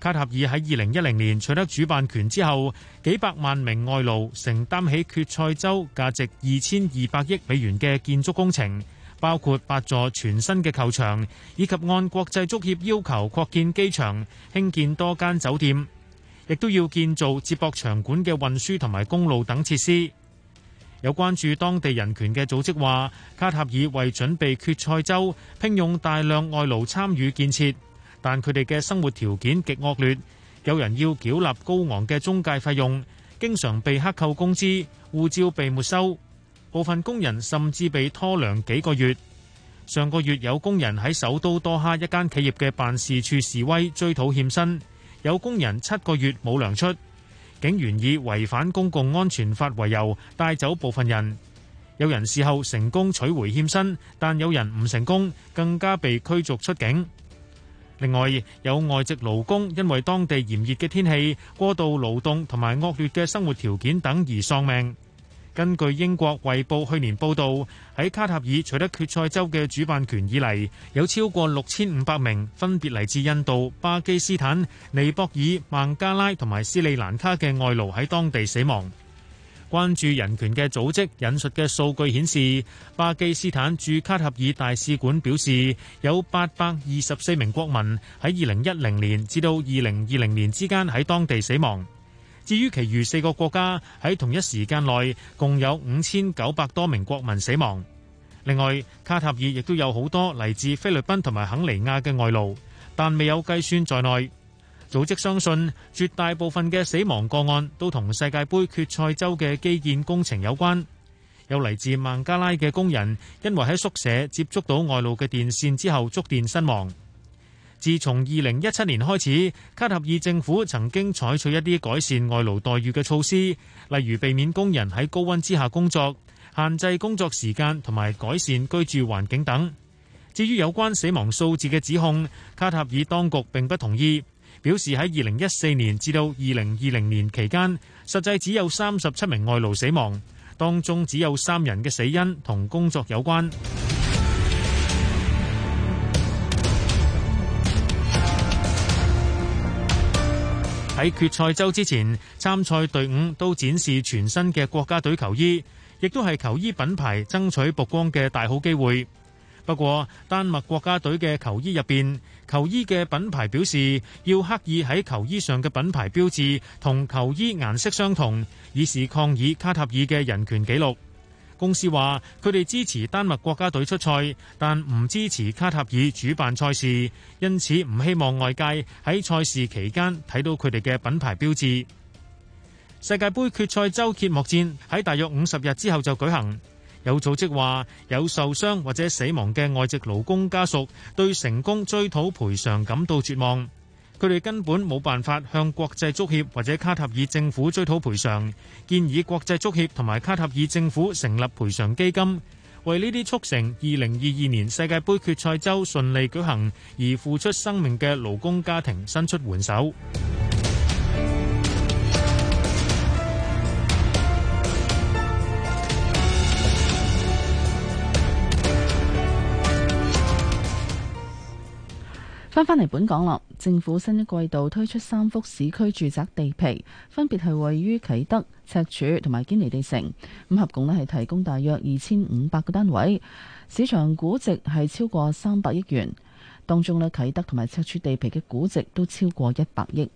卡塔爾喺二零一零年取得主辦權之後，幾百萬名外勞承擔起決賽週價值二千二百億美元嘅建築工程，包括八座全新嘅球場，以及按國際足協要求擴建機場、興建多間酒店，亦都要建造接駁場館嘅運輸同埋公路等設施。有關注當地人權嘅組織話，卡塔爾為準備決賽周，聘用大量外勞參與建設，但佢哋嘅生活條件極惡劣，有人要繳納高昂嘅中介費用，經常被克扣工資，護照被沒收，部分工人甚至被拖糧幾個月。上個月有工人喺首都多哈一間企業嘅辦事處示威，追討欠薪，有工人七個月冇糧出。警員以違反公共安全法為由帶走部分人，有人事後成功取回欠薪，但有人唔成功，更加被驅逐出境。另外，有外籍勞工因為當地炎熱嘅天氣、過度勞動同埋惡劣嘅生活條件等而喪命。根據英國《衛報》去年報道，喺卡塔爾取得決賽周嘅主辦權以嚟，有超過六千五百名分別嚟自印度、巴基斯坦、尼泊爾、孟加拉同埋斯里蘭卡嘅外勞喺當地死亡。關注人權嘅組織引述嘅數據顯示，巴基斯坦駐卡塔爾大使館表示，有八百二十四名國民喺二零一零年至到二零二零年之間喺當地死亡。至於其餘四個國家喺同一時間內共有五千九百多名國民死亡。另外，卡塔爾亦都有好多嚟自菲律賓同埋肯尼亞嘅外勞，但未有計算在內。組織相信，絕大部分嘅死亡個案都同世界盃決賽周嘅基建工程有關。有嚟自孟加拉嘅工人，因為喺宿舍接觸到外露嘅電線之後觸電身亡。自從二零一七年開始，卡塔爾政府曾經採取一啲改善外勞待遇嘅措施，例如避免工人喺高溫之下工作、限制工作時間同埋改善居住環境等。至於有關死亡數字嘅指控，卡塔爾當局並不同意，表示喺二零一四年至到二零二零年期間，實際只有三十七名外勞死亡，當中只有三人嘅死因同工作有關。喺決賽周之前，參賽隊伍都展示全新嘅國家隊球衣，亦都係球衣品牌爭取曝光嘅大好機會。不過，丹麥國家隊嘅球衣入邊，球衣嘅品牌表示要刻意喺球衣上嘅品牌標誌同球衣顏色相同，以示抗議卡塔爾嘅人權紀錄。公司話，佢哋支持丹麥國家隊出賽，但唔支持卡塔爾主辦賽事，因此唔希望外界喺賽事期間睇到佢哋嘅品牌標誌。世界杯決賽周揭幕戰喺大約五十日之後就舉行。有組織話，有受傷或者死亡嘅外籍勞工家屬對成功追討賠償感到絕望。佢哋根本冇辦法向國際足協或者卡塔爾政府追討賠償，建議國際足協同埋卡塔爾政府成立賠償基金，為呢啲促成二零二二年世界盃決賽周順利舉行而付出生命嘅勞工家庭伸出援手。翻返嚟本港咯，政府新一季度推出三幅市區住宅地皮，分別係位於啟德、赤柱同埋堅尼地城，咁合共咧係提供大約二千五百個單位，市場估值係超過三百億元，當中咧啟德同埋赤柱地皮嘅估值都超過一百億。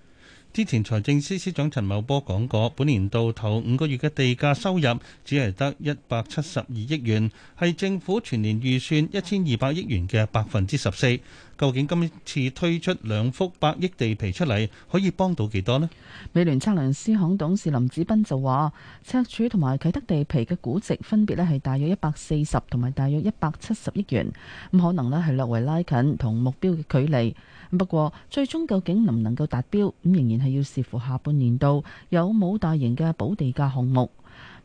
之前財政司司長陳茂波講過，本年度頭五個月嘅地價收入只係得一百七十二億元，係政府全年預算一千二百億元嘅百分之十四。究竟今次推出兩幅百億地皮出嚟，可以幫到幾多呢？美聯測量師行董事林子斌就話，赤柱同埋啟德地皮嘅估值分別呢係大約一百四十同埋大約一百七十億元，咁可能呢係略為拉近同目標嘅距離。不過，最終究竟能唔能夠達標咁，仍然係要視乎下半年度有冇大型嘅補地價項目。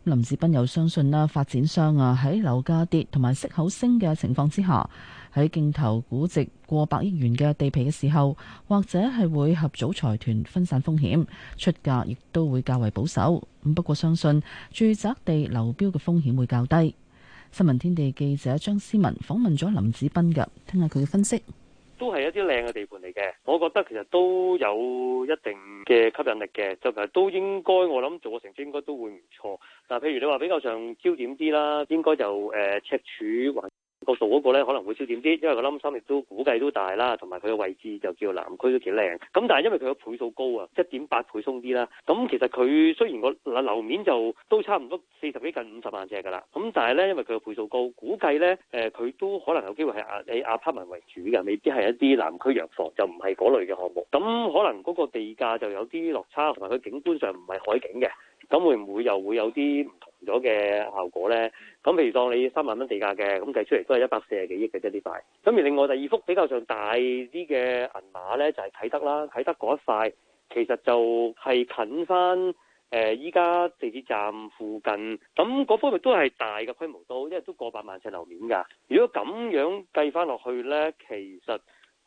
林志斌又相信啦，發展商啊喺樓價跌同埋息口升嘅情況之下，喺競投估值過百億元嘅地皮嘅時候，或者係會合組財團分散風險，出價亦都會較為保守。咁不過相信住宅地流標嘅風險會較低。新聞天地記者張思文訪問咗林志斌㗎，聽下佢嘅分析。都係一啲靚嘅地盤嚟嘅，我覺得其實都有一定嘅吸引力嘅，就其實都應該我諗做嘅成績應該都會唔錯。嗱，譬如你話比較上焦點啲啦，應該就誒、呃、赤柱環。個數嗰個咧可能會少點啲，因為個冧心亦都估計都大啦，同埋佢嘅位置就叫南區都幾靚。咁但係因為佢嘅倍數高啊，一點八倍鬆啲啦。咁其實佢雖然個樓面就都差唔多四十幾近五十萬呎㗎啦。咁但係咧，因為佢嘅倍數高，估計咧誒佢都可能有機會係阿喺阿 apartment 為主嘅，未必係一啲南區洋房就唔係嗰類嘅項目。咁可能嗰個地價就有啲落差，同埋佢景觀上唔係海景嘅，咁會唔會又會有啲咗嘅效果呢，咁譬如當你三萬蚊地價嘅，咁計出嚟都係一百四十幾億嘅啫呢塊。咁而另外第二幅比較上大啲嘅銀碼呢，就係、是、啟德啦，啟德嗰一塊其實就係近翻誒依家地鐵站附近。咁、那、嗰、個、方面都係大嘅規模都，因為都過百萬尺樓面噶。如果咁樣計翻落去呢，其實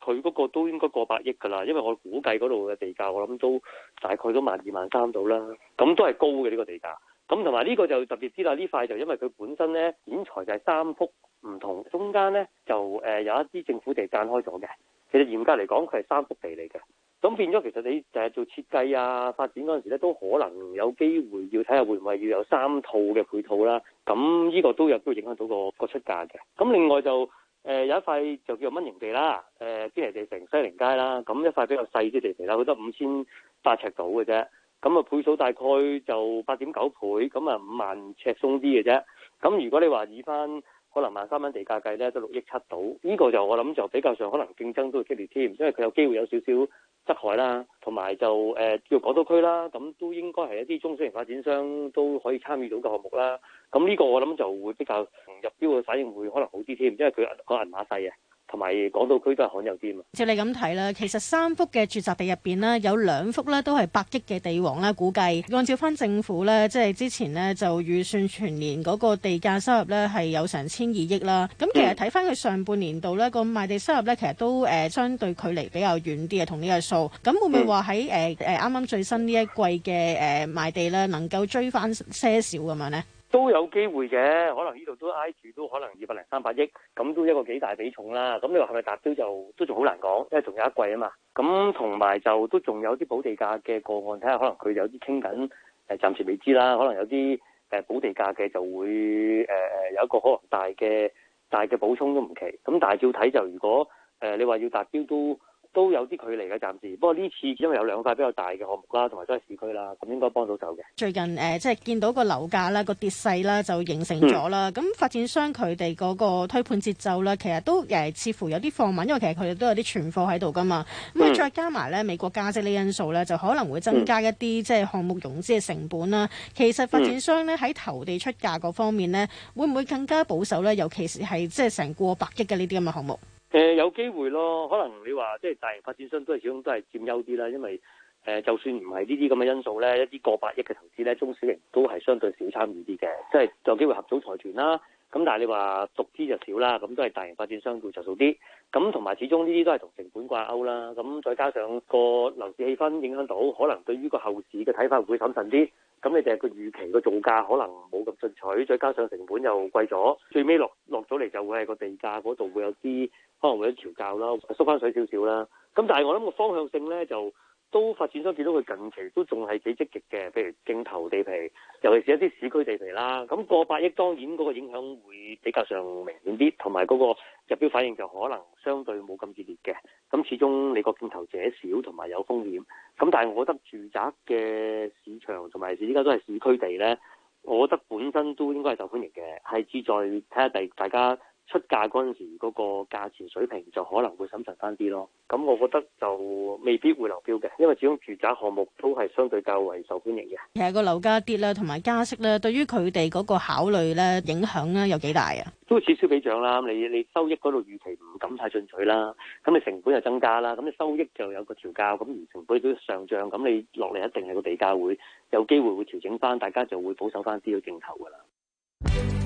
佢嗰個都應該過百億噶啦，因為我估計嗰度嘅地價，我諗都大概都萬二萬三到啦。咁都係高嘅呢個地價。咁同埋呢個就特別之啦，呢塊就因為佢本身咧，展材就係三幅唔同，中間咧就誒有一啲政府地間開咗嘅。其實嚴格嚟講，佢係三幅地嚟嘅。咁變咗，其實你就係做設計啊、發展嗰陣時咧，都可能有機會要睇下會唔會要有三套嘅配套啦。咁呢個都有都會影響到個個出價嘅。咁另外就誒、呃、有一塊就叫做蚊型地啦，誒堅尼地城西寧街啦。咁一塊比較細啲地皮啦，好多五千八尺到嘅啫。咁啊，倍數大概就八點九倍，咁啊五萬尺鬆啲嘅啫。咁如果你話以返可能萬三蚊地價計咧，都六億七到。呢、呢個就我諗就比較上可能競爭都會激烈添，因為佢有機會有少少側海啦，同埋就誒、呃、叫廣州區啦，咁都應該係一啲中小型發展商都可以參與到嘅項目啦。咁呢個我諗就會比較入標嘅反應會可能好啲添，因為佢個銀碼細啊。同埋港島區都係罕有啲嘛？照你咁睇啦，其實三幅嘅住宅地入邊呢，有兩幅呢都係百億嘅地王啦。估計按照翻政府呢，即係之前呢就預算全年嗰個地價收入呢係有成千二億啦。咁其實睇翻佢上半年度呢、嗯、個賣地收入呢，其實都誒、呃、相對距離比較遠啲嘅同呢個數。咁會唔會話喺誒誒啱啱最新呢一季嘅誒、呃、賣地呢，能夠追翻些少咁樣呢？都有機會嘅，可能呢度都挨住都可能二百零三百億，咁都一個幾大比重啦。咁你話係咪達標就都仲好難講，因為仲有一季吖嘛。咁同埋就都仲有啲補地價嘅個案，睇下可能佢有啲傾緊，誒、呃、暫時未知啦。可能有啲誒補地價嘅就會誒誒、呃、有一個可能大嘅大嘅補充都唔奇。咁但係照睇就如果誒、呃、你話要達標都。都有啲距離嘅，暫時。不過呢次因為有兩塊比較大嘅項目啦，同埋都係市區啦，咁應該幫到手嘅。最近誒、呃，即係見到個樓價啦、個跌勢啦，就形成咗啦。咁、嗯、發展商佢哋嗰個推盤節奏啦，其實都誒似乎有啲放慢，因為其實佢哋都有啲存貨喺度噶嘛。咁啊、嗯，再加埋咧美國加息呢因素咧，就可能會增加一啲、嗯、即係項目融資嘅成本啦。其實發展商咧喺、嗯、投地出價嗰方面呢，會唔會更加保守咧？尤其是係即係成過百億嘅呢啲咁嘅項目。誒、呃，有機會咯，可能你話即係大型發展商都係始終都係佔優啲啦，因為誒、呃，就算唔係呢啲咁嘅因素咧，一啲過百億嘅投資咧，中小型都係相對少參與啲嘅，即係有機會合組財團啦。咁但係你話獨資就少啦，咁都係大型發展商會著數啲。咁同埋始終呢啲都係同成本掛鈎啦。咁再加上個樓市氣氛影響到，可能對於個後市嘅睇法會審慎啲。咁你哋係個預期個造價可能冇咁進取，再加上成本又貴咗，最尾落落咗嚟就會係個地價嗰度會有啲。可能會調校啦，縮翻水少少啦。咁但係我諗個方向性呢，就都發展商見到佢近期都仲係幾積極嘅，譬如競投地皮，尤其是一啲市區地皮啦。咁、嗯、過百億當然嗰個影響會比較上明顯啲，同埋嗰個入標反應就可能相對冇咁熱烈嘅。咁、嗯、始終你個競投者少，同埋有風險。咁、嗯、但係我覺得住宅嘅市場同埋而家都係市區地呢，我覺得本身都應該係受歡迎嘅，係志在睇下第大家。出價嗰陣時，嗰個價錢水平就可能會審慎翻啲咯。咁我覺得就未必會流標嘅，因為始終住宅項目都係相對較為受歡迎嘅。其實個樓價跌咧，同埋加息咧，對於佢哋嗰個考慮咧，影響咧有幾大啊？都會此消彼長啦，你你收益嗰度預期唔敢太進取啦，咁你成本又增加啦，咁你收益就有個調校，咁而成本都上漲，咁你落嚟一定係個地價會有機會會調整翻，大家就會保守翻啲去競投㗎啦。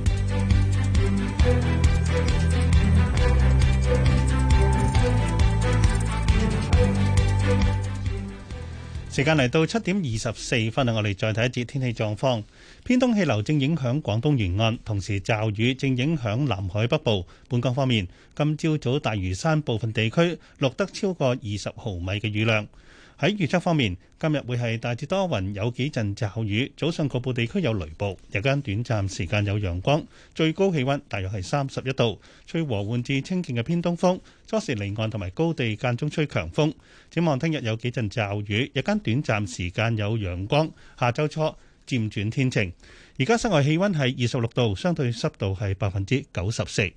時間嚟到七點二十四分啊！我哋再睇一節天氣狀況。偏東氣流正影響廣東沿岸，同時驟雨正影響南海北部。本港方面，今朝早大嶼山部分地區錄得超過二十毫米嘅雨量。喺預測方面，今日會係大致多雲，有幾陣驟雨，早上局部地區有雷暴，日間短暫時間有陽光，最高氣溫大約係三十一度，吹和緩至清勁嘅偏東風，初時離岸同埋高地間中吹強風。展望聽日有幾陣驟雨，日間短暫時間有陽光，下周初漸轉天晴。而家室外氣溫係二十六度，相對濕度係百分之九十四。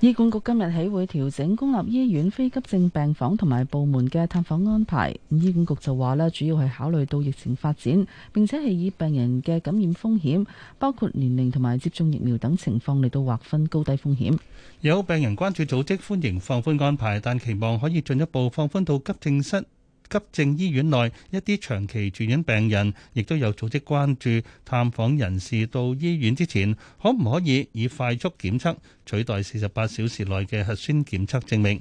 醫管局今日起會調整公立醫院非急症病房同埋部門嘅探訪安排。咁醫管局就話呢，主要係考慮到疫情發展，並且係以病人嘅感染風險，包括年齡同埋接種疫苗等情況嚟到劃分高低風險。有病人關注組織歡迎放寬安排，但期望可以進一步放寬到急症室。急症醫院內一啲長期住院病人，亦都有組織關注探訪人士到醫院之前，可唔可以以快速檢測取代四十八小時內嘅核酸檢測證明？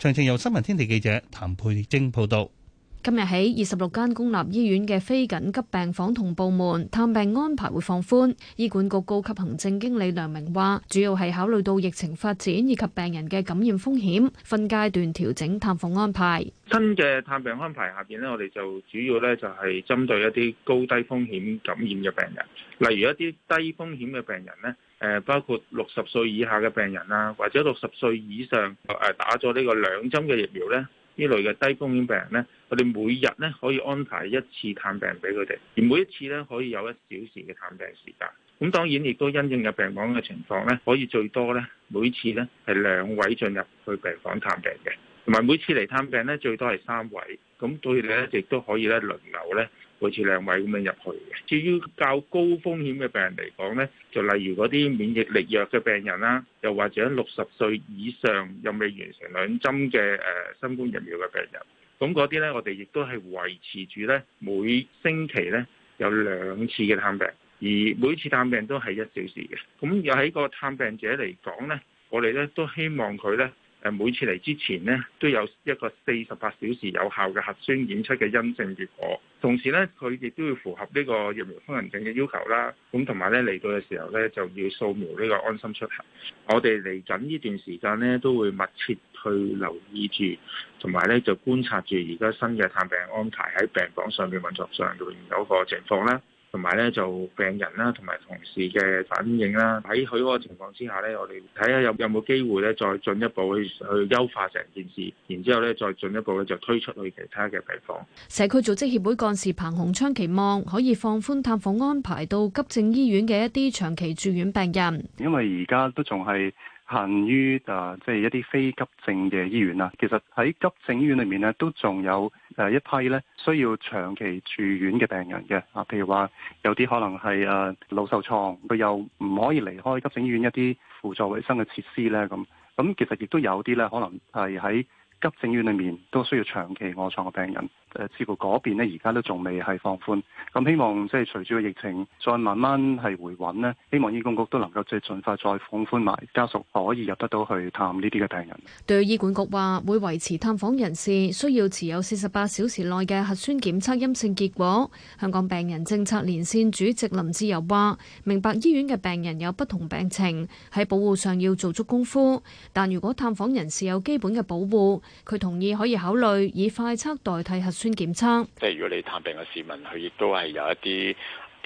詳情由新聞天地記者譚佩晶報道。今日起，二十六間公立醫院嘅非緊急病房同部門探病安排會放寬。醫管局高級行政經理梁明話，主要係考慮到疫情發展以及病人嘅感染風險，分階段調整探訪安排。新嘅探病安排下邊呢，我哋就主要呢就係針對一啲高低風險感染嘅病人，例如一啲低風險嘅病人呢，誒，包括六十歲以下嘅病人啦，或者六十歲以上誒打咗呢個兩針嘅疫苗呢。呢類嘅低風險病人咧，我哋每日咧可以安排一次探病俾佢哋，而每一次咧可以有一小時嘅探病時間。咁當然亦都因應入病房嘅情況咧，可以最多咧每次咧係兩位進入去病房探病嘅，同埋每次嚟探病咧最多係三位。咁佢哋咧亦都可以咧輪流咧。每次兩位咁樣入去嘅，至於較高風險嘅病人嚟講呢，就例如嗰啲免疫力弱嘅病人啦，又或者六十歲以上又未完成兩針嘅誒新冠疫苗嘅病人，咁嗰啲呢，我哋亦都係維持住呢，每星期呢有兩次嘅探病，而每次探病都係一小時嘅，咁又喺個探病者嚟講呢，我哋呢都希望佢呢。每次嚟之前呢，都有一個四十八小時有效嘅核酸檢測嘅陰性結果，同時呢，佢亦都要符合呢個疫苗通行證嘅要求啦。咁同埋呢，嚟到嘅時候呢，就要掃描呢個安心出行。我哋嚟緊呢段時間呢，都會密切去留意住，同埋呢就觀察住而家新嘅探病安排喺病房上面運作上面有個情況啦。同埋咧，就病人啦，同埋同事嘅反應啦，喺佢個情況之下呢，我哋睇下有有冇機會咧，再進一步去去優化成件事，然之後咧，再進一步咧就推出去其他嘅病房。社區組織協會幹事彭鴻昌期望可以放寬探訪安排到急症醫院嘅一啲長期住院病人，因為而家都仲係。限於啊，即係一啲非急症嘅醫院啦。其實喺急症醫院裏面咧，都仲有誒一批咧需要長期住院嘅病人嘅啊。譬如話有啲可能係誒腦受創，佢又唔可以離開急症醫院一啲輔助衞生嘅設施咧。咁咁其實亦都有啲咧，可能係喺急症院裏面都需要長期臥床嘅病人。誒，至於嗰邊咧，而家都仲未係放寬，咁希望即係隨住個疫情再慢慢係回穩咧，希望醫管局都能夠即係盡快再放寬埋家屬可以入得到去探呢啲嘅病人。對醫管局話會維持探訪人士需要持有四十八小時內嘅核酸檢測陰性結果。香港病人政策連線主席林志柔話：明白醫院嘅病人有不同病情，喺保護上要做足功夫。但如果探訪人士有基本嘅保護。佢同意可以考慮以快測代替核酸檢測。即係如果你探病嘅市民，佢亦都係有一啲。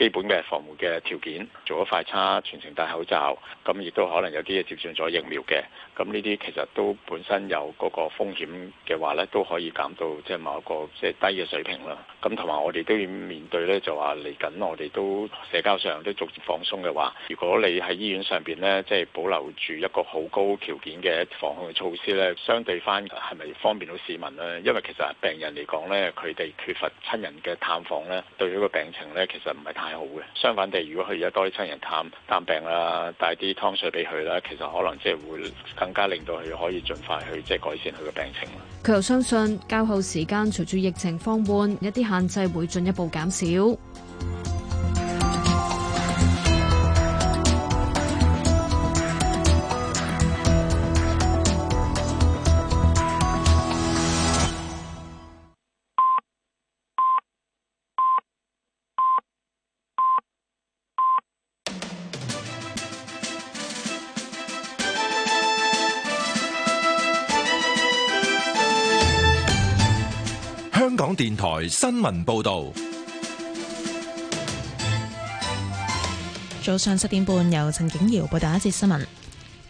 基本嘅防護嘅條件，做咗快測，全程戴口罩，咁亦都可能有啲嘢接種咗疫苗嘅，咁呢啲其實都本身有嗰個風險嘅話呢都可以減到即係某一個即係低嘅水平啦。咁同埋我哋都要面對呢，就話嚟緊我哋都社交上都逐漸放鬆嘅話，如果你喺醫院上邊呢，即係保留住一個好高條件嘅防控嘅措施呢，相對翻係咪方便到市民呢？因為其實病人嚟講呢，佢哋缺乏親人嘅探訪呢，對於個病情呢，其實唔係太。好嘅，相反地，如果佢而家多啲親人探探病啦，帶啲湯水俾佢啦，其實可能即係會更加令到佢可以盡快去即係改善佢嘅病情啦。佢又相信，較後時間隨住疫情放緩，一啲限制會進一步減少。台新聞報道，早上七點半由陳景瑤報道一節新聞。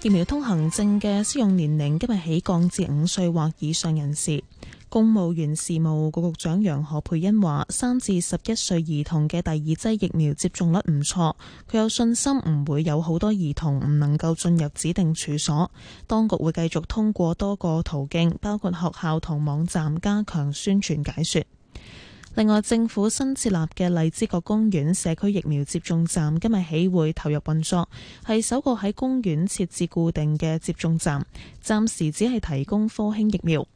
疫苗通行證嘅適用年齡今日起降至五歲或以上人士。公務員事務局局長楊何佩欣話，三至十一歲兒童嘅第二劑疫苗接種率唔錯，佢有信心唔會有好多兒童唔能夠進入指定處所。當局會繼續通過多個途徑，包括學校同網站，加強宣傳解說。另外，政府新設立嘅荔枝角公園社區疫苗接種站今日起會投入運作，係首個喺公園設置固定嘅接種站。暫時只係提供科興疫苗。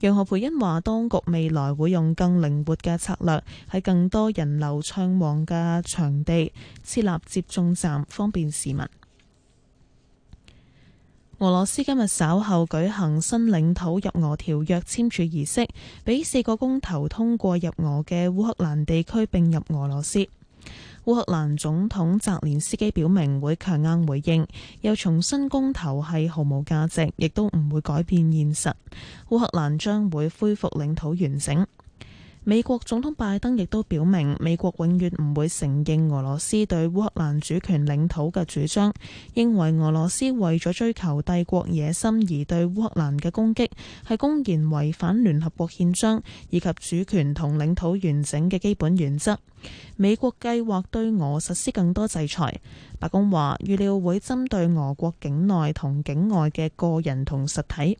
楊何蓓茵話，當局未來會用更靈活嘅策略，喺更多人流暢旺嘅場地設立接種站，方便市民。俄羅斯今日稍後舉行新領土入俄條約簽署儀式，俾四個公投通過入俄嘅烏克蘭地區併入俄羅斯。烏克蘭總統澤連斯基表明會強硬回應，又重申公投係毫無價值，亦都唔會改變現實。烏克蘭將會恢復領土完整。美國總統拜登亦都表明，美國永遠唔會承認俄羅斯對烏克蘭主權領土嘅主張，認為俄羅斯為咗追求帝國野心而對烏克蘭嘅攻擊係公然違反聯合國憲章以及主權同領土完整嘅基本原則。美國計劃對俄實施更多制裁，白宮話預料會針對俄國境內同境外嘅個人同實體。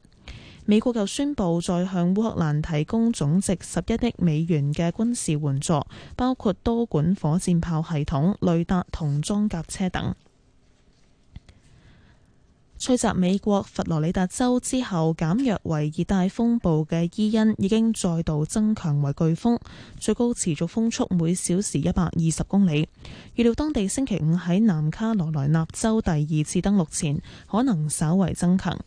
美國又宣布再向烏克蘭提供總值十一億美元嘅軍事援助，包括多管火箭炮系統、雷達同裝甲車等。吹襲美國佛羅里達州之後減弱為熱帶風暴嘅伊恩，已經再度增強為颶風，最高持續風速每小時一百二十公里。預料當地星期五喺南卡羅來納州第二次登陸前，可能稍為增強。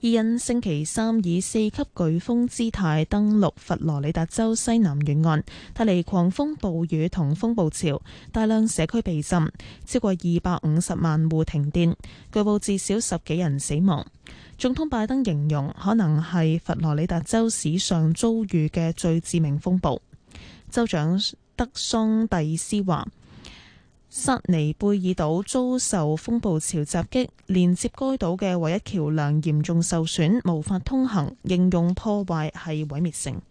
伊恩星期三以四級颶風姿態登陸佛羅里達州西南沿岸，帶嚟狂風、暴雨同風暴潮，大量社區被浸，超過二百五十萬戶停電，據報至少十幾人死亡。總統拜登形容可能係佛羅里達州史上遭遇嘅最致命風暴。州長德桑蒂斯話：塞尼貝爾島遭受風暴潮襲擊，連接該島嘅唯一橋梁嚴重受損，無法通行。形容破壞係毀滅性。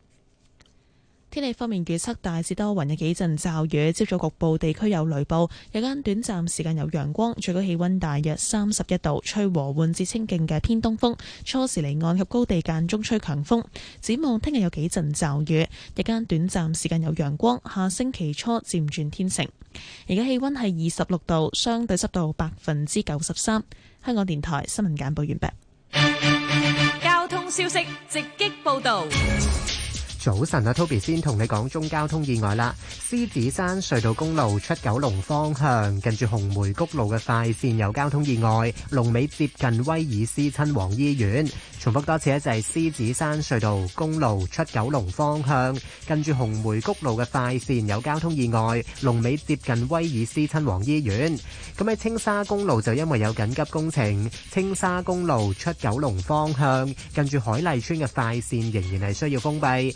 天氣方面預測，大致多雲，有幾陣驟雨，朝早局部地區有雷暴，日間短暫時間有陽光，最高氣溫大約三十一度，吹和緩至清勁嘅偏東風，初時離岸及高地間中吹強風。展望聽日有幾陣驟雨，日間短暫時間有陽光，下星期初漸轉天晴。而家氣溫係二十六度，相對濕度百分之九十三。香港電台新聞簡報完畢。交通消息直擊報道。早晨啊，Toby 先同你講中交通意外啦。獅子山隧道公路出九龍方向，近住紅梅谷路嘅快線有交通意外，龍尾接近威爾斯親王醫院。重復多次咧，就係獅子山隧道公路出九龍方向，近住紅梅谷路嘅快線有交通意外，龍尾接近威爾斯親王醫院。咁喺青沙公路就因為有緊急工程，青沙公路出九龍方向，近住海麗村嘅快線仍然係需要封閉。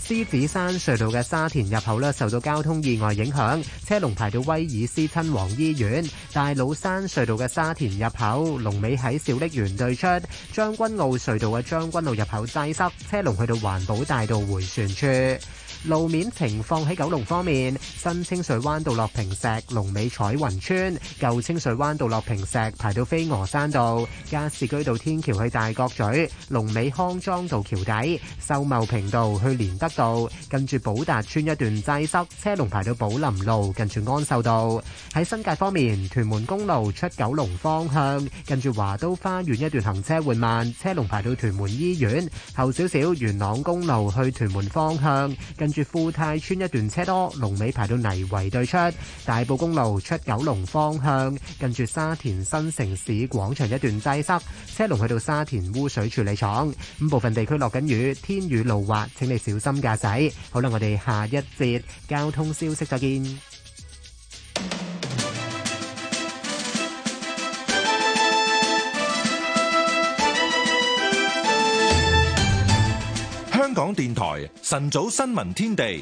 獅子山隧道嘅沙田入口咧受到交通意外影響，車龍排到威爾斯親王醫院；大老山隧道嘅沙田入口，龍尾喺小瀝源對出，將軍澳隧道嘅將軍澳入口擠塞，車龍去到環保大道回旋處。路面情況喺九龍方面，新清水灣道落坪石，龍尾彩雲村、舊清水灣道落坪石，排到飛鵝山道；加士居道天橋去大角咀，龍尾康莊道橋底；秀茂坪道去連德道，跟住寶達村一段擠塞，車龍排到寶林路，跟住安秀道。喺新界方面，屯門公路出九龍方向，跟住華都花園一段行車緩慢，車龍排到屯門醫院後少少；元朗公路去屯門方向，跟住富泰村一段車多，龍尾排到泥圍對出；大埔公路出九龍方向，近住沙田新城市廣場一段擠塞，車龍去到沙田污水處理廠。咁部分地區落緊雨，天雨路滑，請你小心駕駛。好啦，我哋下一節交通消息再見。香港電台晨早新聞天地，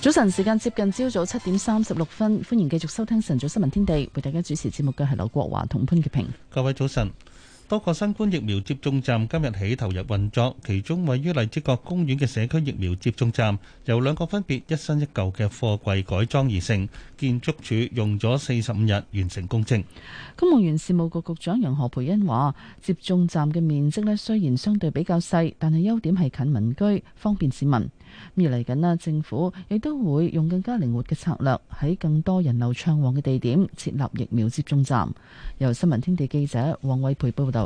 早晨時間接近朝早七點三十六分，歡迎繼續收聽晨早新聞天地，為大家主持節目嘅係劉國華同潘潔平。各位早晨。多個新冠疫苗接種站今日起投入運作，其中位於荔枝角公園嘅社區疫苗接種站，由兩個分別一新一舊嘅貨櫃改裝而成，建築署用咗四十五日完成工程。公務員事務局局長楊何培恩話，接種站嘅面積咧雖然相對比較細，但係優點係近民居，方便市民。而嚟緊啦，政府亦都會用更加靈活嘅策略，喺更多人流暢旺嘅地點設立疫苗接種站。由新聞天地記者黃偉培報道。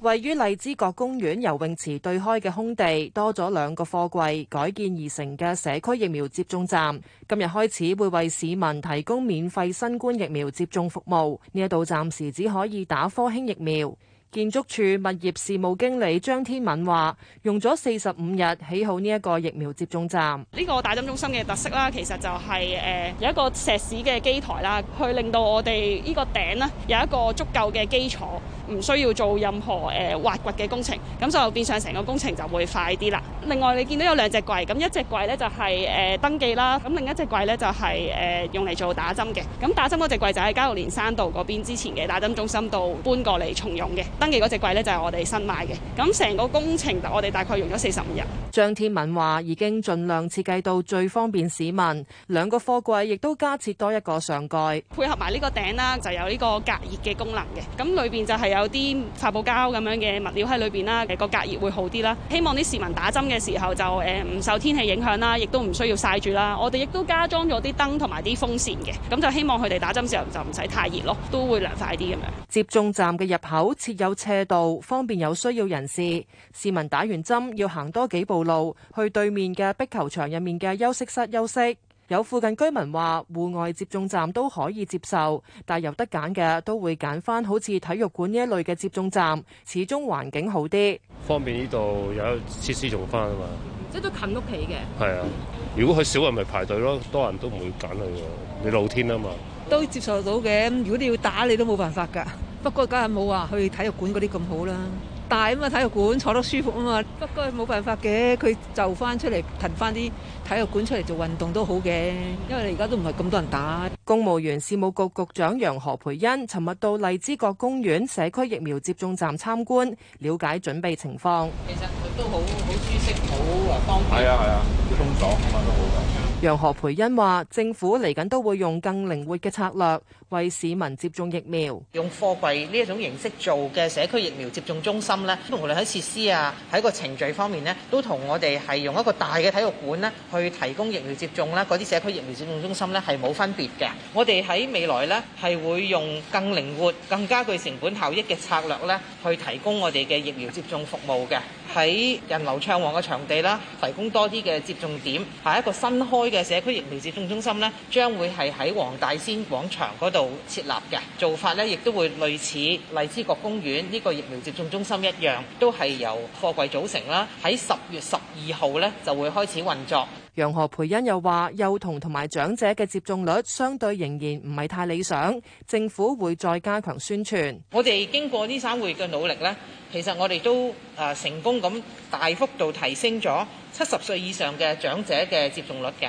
位於荔枝角公園游泳池對開嘅空地，多咗兩個貨櫃改建而成嘅社區疫苗接種站，今日開始會為市民提供免費新冠疫苗接種服務。呢一度暫時只可以打科興疫苗。建築署物業事務經理張天敏話，用咗四十五日起好呢一個疫苗接種站。呢個打針中心嘅特色啦，其實就係、是、誒、呃、有一個石屎嘅基台啦，去令到我哋呢個頂呢有一個足夠嘅基礎。唔需要做任何誒、呃、挖掘嘅工程，咁就變相成個工程就會快啲啦。另外你見到有兩隻櫃，咁一隻櫃呢就係、是、誒、呃、登記啦，咁另一隻櫃呢就係、是、誒、呃、用嚟做打針嘅。咁打針嗰隻櫃就喺加路連山道嗰邊之前嘅打針中心度搬過嚟重用嘅。登記嗰隻櫃呢就係、是、我哋新買嘅。咁成個工程我哋大概用咗四十五日。張天敏話：已經盡量設計到最方便市民，兩個貨櫃亦都加設多一個上蓋，配合埋呢個頂啦，就有呢個隔熱嘅功能嘅。咁裏邊就係有。有啲發泡膠咁樣嘅物料喺裏邊啦，個隔熱會好啲啦。希望啲市民打針嘅時候就誒唔受天氣影響啦，亦都唔需要曬住啦。我哋亦都加裝咗啲燈同埋啲風扇嘅，咁就希望佢哋打針時候就唔使太熱咯，都會涼快啲咁樣。接種站嘅入口設有斜道，方便有需要人士。市民打完針要行多幾步路去對面嘅壁球場入面嘅休息室休息。有附近居民話：戶外接種站都可以接受，但係有得揀嘅都會揀翻好似體育館呢一類嘅接種站，始終環境好啲。方便呢度有設施，仲翻啊嘛，即係都近屋企嘅。係啊，如果佢少人咪排隊咯，多人都唔會揀佢喎。你露天啊嘛，都接受到嘅。如果你要打，你都冇辦法㗎。不過，梗係冇話去體育館嗰啲咁好啦。大啊嘛，體育館坐得舒服啊嘛。不過冇辦法嘅，佢就翻出嚟騰翻啲體育館出嚟做運動都好嘅，因為你而家都唔係咁多人打。公務員事務局局，局長楊何培恩尋日到荔枝角公園社區疫苗接種站參觀，了解準備情況。其實佢都好好舒適，好啊方便。係啊係啊，通咗乜都好嘅。楊何培恩話：政府嚟緊都會用更靈活嘅策略。為市民接種疫苗，用貨櫃呢一種形式做嘅社區疫苗接種中心咧，無論喺設施啊，喺個程序方面咧，都同我哋係用一個大嘅體育館咧去提供疫苗接種啦，啲社區疫苗接種中心咧係冇分別嘅。人我哋喺未來咧係會用更靈活、更加具成本效益嘅策略咧，去提供我哋嘅疫苗接種服務嘅。喺人流暢旺嘅場地啦，提供多啲嘅接種點。下一個新開嘅社區疫苗接種中心咧，將會係喺黃大仙廣場度。設立嘅做法呢亦都會類似荔枝角公園呢個疫苗接種中心一樣，都係由貨櫃組成啦。喺十月十二號呢就會開始運作。楊何培恩又話：幼童同埋長者嘅接種率，相對仍然唔係太理想。政府會再加強宣傳。我哋經過呢三個月嘅努力呢，其實我哋都誒成功咁大幅度提升咗七十歲以上嘅長者嘅接種率嘅。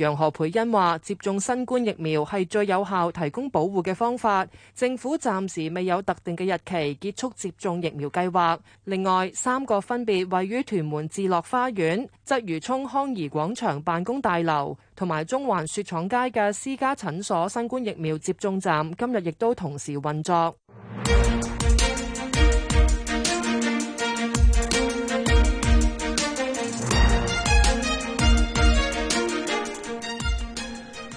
楊何蓓茵話：接種新冠疫苗係最有效提供保護嘅方法。政府暫時未有特定嘅日期結束接種疫苗計劃。另外，三個分別位於屯門置樂花園、鰂魚涌康怡廣場辦公大樓同埋中環雪廠街嘅私家診所新冠疫苗接種站，今日亦都同時運作。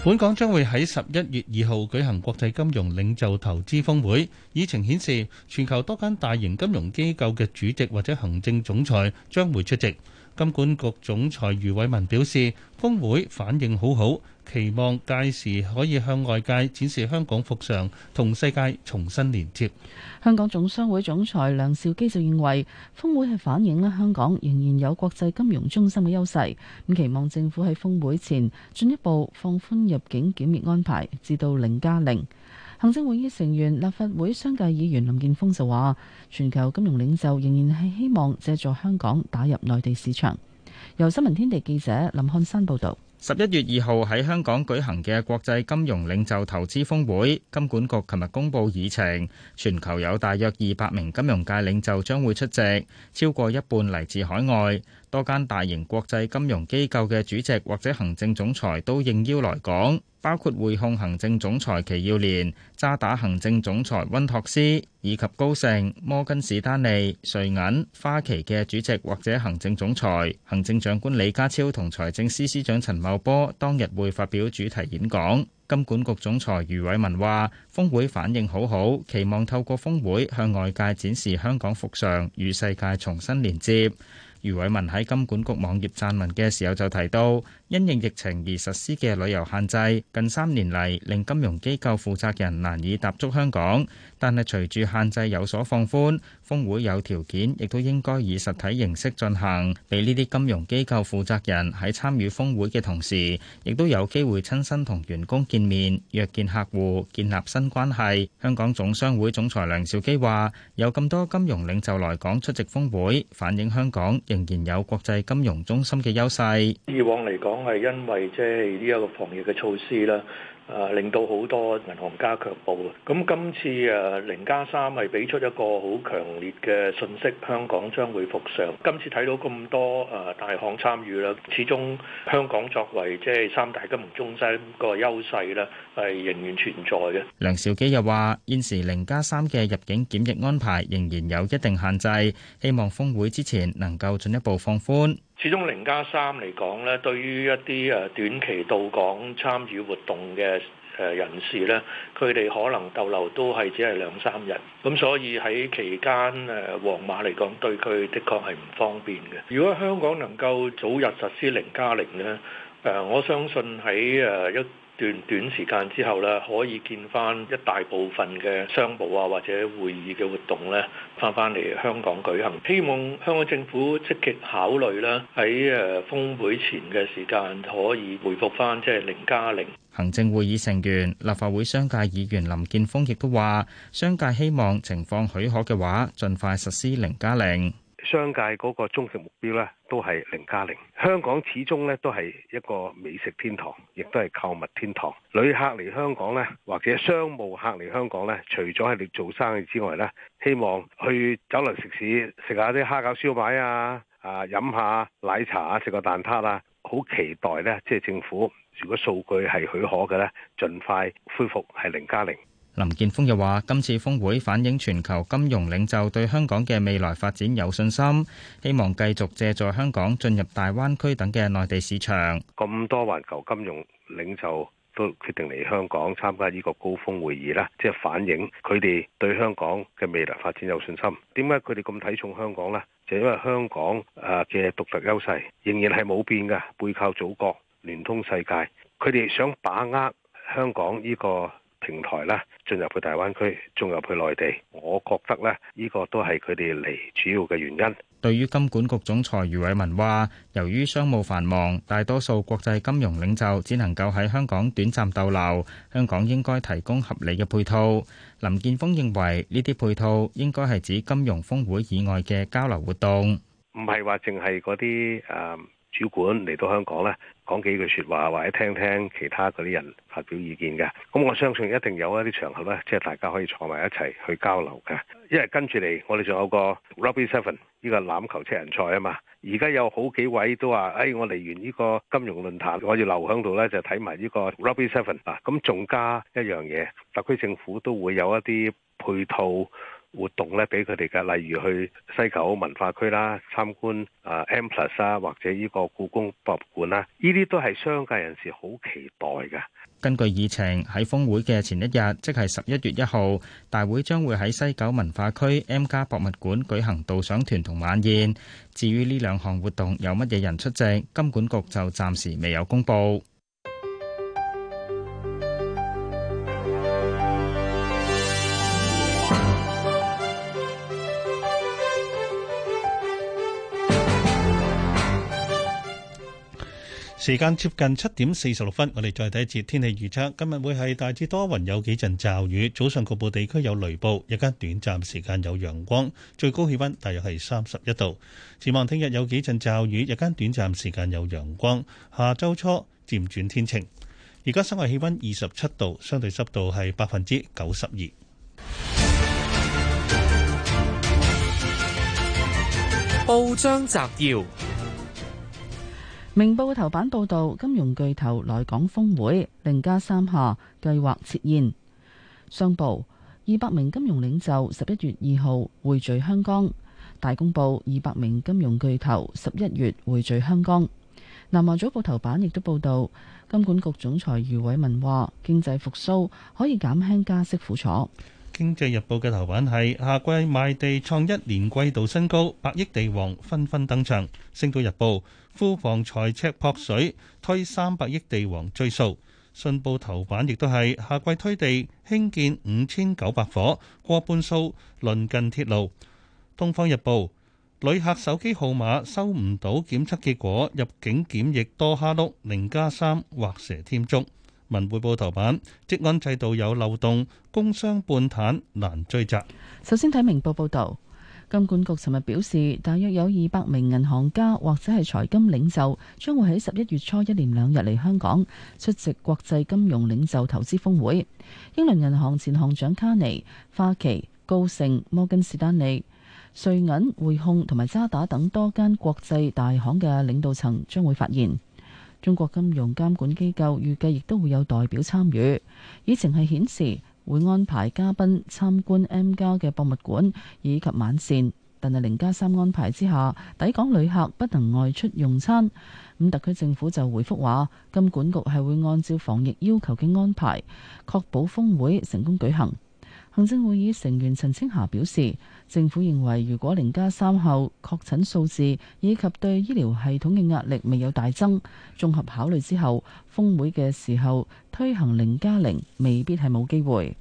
本港將會喺十一月二號舉行國際金融領袖投資峰會，議程顯示，全球多間大型金融機構嘅主席或者行政總裁將會出席。金管局總裁余偉文表示，峰會反應好好，期望屆時可以向外界展示香港復常，同世界重新連接。香港總商會總裁梁兆基就認為，峰會係反映咧香港仍然有國際金融中心嘅優勢，咁期望政府喺峰會前進一步放寬入境檢疫安排，至到零加零。行政會議成員、立法會商界議員林建峰就話，全球金融領袖仍然係希望借助香港打入內地市場。由新聞天地記者林漢山報道。十一月二號喺香港舉行嘅國際金融領袖投資峰會，金管局琴日公布議程，全球有大約二百名金融界領袖將會出席，超過一半嚟自海外，多間大型國際金融機構嘅主席或者行政總裁都應邀來港。包括匯控行政總裁祁耀廉、渣打行政總裁温托斯以及高盛、摩根士丹利、瑞銀、花旗嘅主席或者行政總裁。行政長官李家超同財政司司長陳茂波當日會發表主題演講。金管局總裁余偉文話：峰會反應好好，期望透過峰會向外界展示香港復常與世界重新連接。余偉文喺金管局網頁撰文嘅時候就提到，因應疫情而實施嘅旅遊限制，近三年嚟令金融機構負責人難以踏足香港。但係隨住限制有所放寬，峰會有條件亦都應該以實體形式進行，俾呢啲金融機構負責人喺參與峰會嘅同時，亦都有機會親身同員工見面、約見客戶、建立新關係。香港總商會總裁梁兆基話：有咁多金融領袖來港出席峰會，反映香港仍然有國際金融中心嘅優勢。以往嚟講，係因為即係呢一個防疫嘅措施啦，誒令到好多銀行家卻步嘅。咁今次誒零加三係俾出一個好強烈嘅訊息，香港將會復常。今次睇到咁多誒大行參與啦，始終香港作為即係三大金融中心個優勢啦，係仍然存在嘅。梁兆基又話：現時零加三嘅入境檢疫安排仍然有一定限制，希望峰會之前能夠進一步放寬。始終零加三嚟講咧，對於一啲誒短期到港參與活動嘅誒人士咧，佢哋可能逗留都係只係兩三日，咁所以喺期間誒，皇馬嚟講對佢的確係唔方便嘅。如果香港能夠早日實施零加零咧，誒，我相信喺誒一。短短時間之後咧，可以見翻一大部分嘅商務啊，或者會議嘅活動呢，翻返嚟香港舉行。希望香港政府積極考慮啦，喺誒峰會前嘅時間可以回覆翻，即係零加零。行政會議成員、立法會商界議員林建峰亦都話：商界希望情況許可嘅話，盡快實施零加零。商界嗰個終極目標咧，都係零加零。香港始終咧都係一個美食天堂，亦都係購物天堂。旅客嚟香港咧，或者商務客嚟香港咧，除咗係嚟做生意之外咧，希望去酒樓食肆食下啲蝦餃燒賣啊，啊飲下奶茶啊，食個蛋撻啦，好期待咧，即係政府如果數據係許可嘅咧，盡快恢復，係零加零。林健鋒又話今次峰會反映全球金融領袖對香港嘅未來發展有信心，希望繼續借助香港進入大灣區等嘅內地市場，咁多環球金融領袖都決定嚟香港參加呢個高峰會議啦，即係反映佢哋對香港嘅未來發展有信心。點解佢哋咁睇重香港咧？就因為香港誒嘅獨特優勢仍然係冇變噶，背靠祖國聯通世界。佢哋想把握香港呢個。平台啦，進入去大灣區，進入去內地，我覺得咧，呢個都係佢哋嚟主要嘅原因。對於金管局總裁余偉文話，由於商務繁忙，大多數國際金融領袖只能夠喺香港短暫逗留，香港應該提供合理嘅配套。林建峰認為，呢啲配套應該係指金融峰會以外嘅交流活動，唔係話淨係嗰啲誒主管嚟到香港咧，講幾句説話，或者聽聽其他嗰啲人發表意見嘅。咁我相信一定有一啲場合咧，即係大家可以坐埋一齊去交流嘅。因為跟住嚟，我哋仲有個 Rugby Seven 呢個欖球七人賽啊嘛。而家有好幾位都話，哎，我嚟完呢個金融論壇，我要留喺度咧，就睇埋呢個 Rugby Seven 啊。咁仲加一樣嘢，特區政府都會有一啲配套。活動咧，俾佢哋嘅，例如去西九文化區啦，參觀啊 M+ 啊，或者呢個故宮博物館啦，呢啲都係商界人士好期待嘅。根據議程喺峰會嘅前一日，即係十一月一號，大會將會喺西九文化區 M+ 博物館舉行導賞團同晚宴。至於呢兩項活動有乜嘢人出席，金管局就暫時未有公布。時間接近七點四十六分，我哋再睇一次天氣預測。今日會係大致多雲，有幾陣驟雨，早上局部地區有雷暴，日間短暫時間有陽光，最高氣溫大約係三十一度。展望聽日有幾陣驟雨，日間短暫時間有陽光，下週初漸轉天晴。而家室外氣溫二十七度，相對濕度係百分之九十二。報章摘要。明報嘅頭版報道，金融巨頭來港峰會，零加三下計劃設宴。商報二百名金融領袖十一月二號匯聚香港，大公報二百名金融巨頭十一月匯聚香港。南華早報頭版亦都報道，金管局總裁余偉文話，經濟復蘇可以減輕加息苦楚。經濟日報嘅頭版係下季賣地創一年季度新高，百億地王紛紛登場。星島日報。庫房財赤撲水推三百億地王追數，信報頭版亦都係下季推地興建五千九百夥，過半數鄰近鐵路。《東方日報》旅客手機號碼收唔到檢測結果，入境檢疫多蝦碌，零加三畫蛇添足。《文匯報》頭版職安制度有漏洞，工商半坦難追責。首先睇明報報導。金管局尋日表示，大約有二百名銀行家或者係財金領袖將會喺十一月初一連兩日嚟香港出席國際金融領袖投資峰會，英倫銀行前行長卡尼、花旗、高盛、摩根士丹利、瑞銀、匯控同埋渣打等多間國際大行嘅領導層將會發言。中國金融監管機構預計亦都會有代表參與，以情系顯示。會安排嘉賓參觀 M 家嘅博物館以及晚膳，但係零加三安排之下，抵港旅客不能外出用餐。咁特區政府就回覆話，金管局係會按照防疫要求嘅安排，確保峰會成功舉行。行政會議成員陳清霞表示。政府認為，如果零加三後確診數字以及對醫療系統嘅壓力未有大增，綜合考慮之後，峰會嘅時候推行零加零未必係冇機會。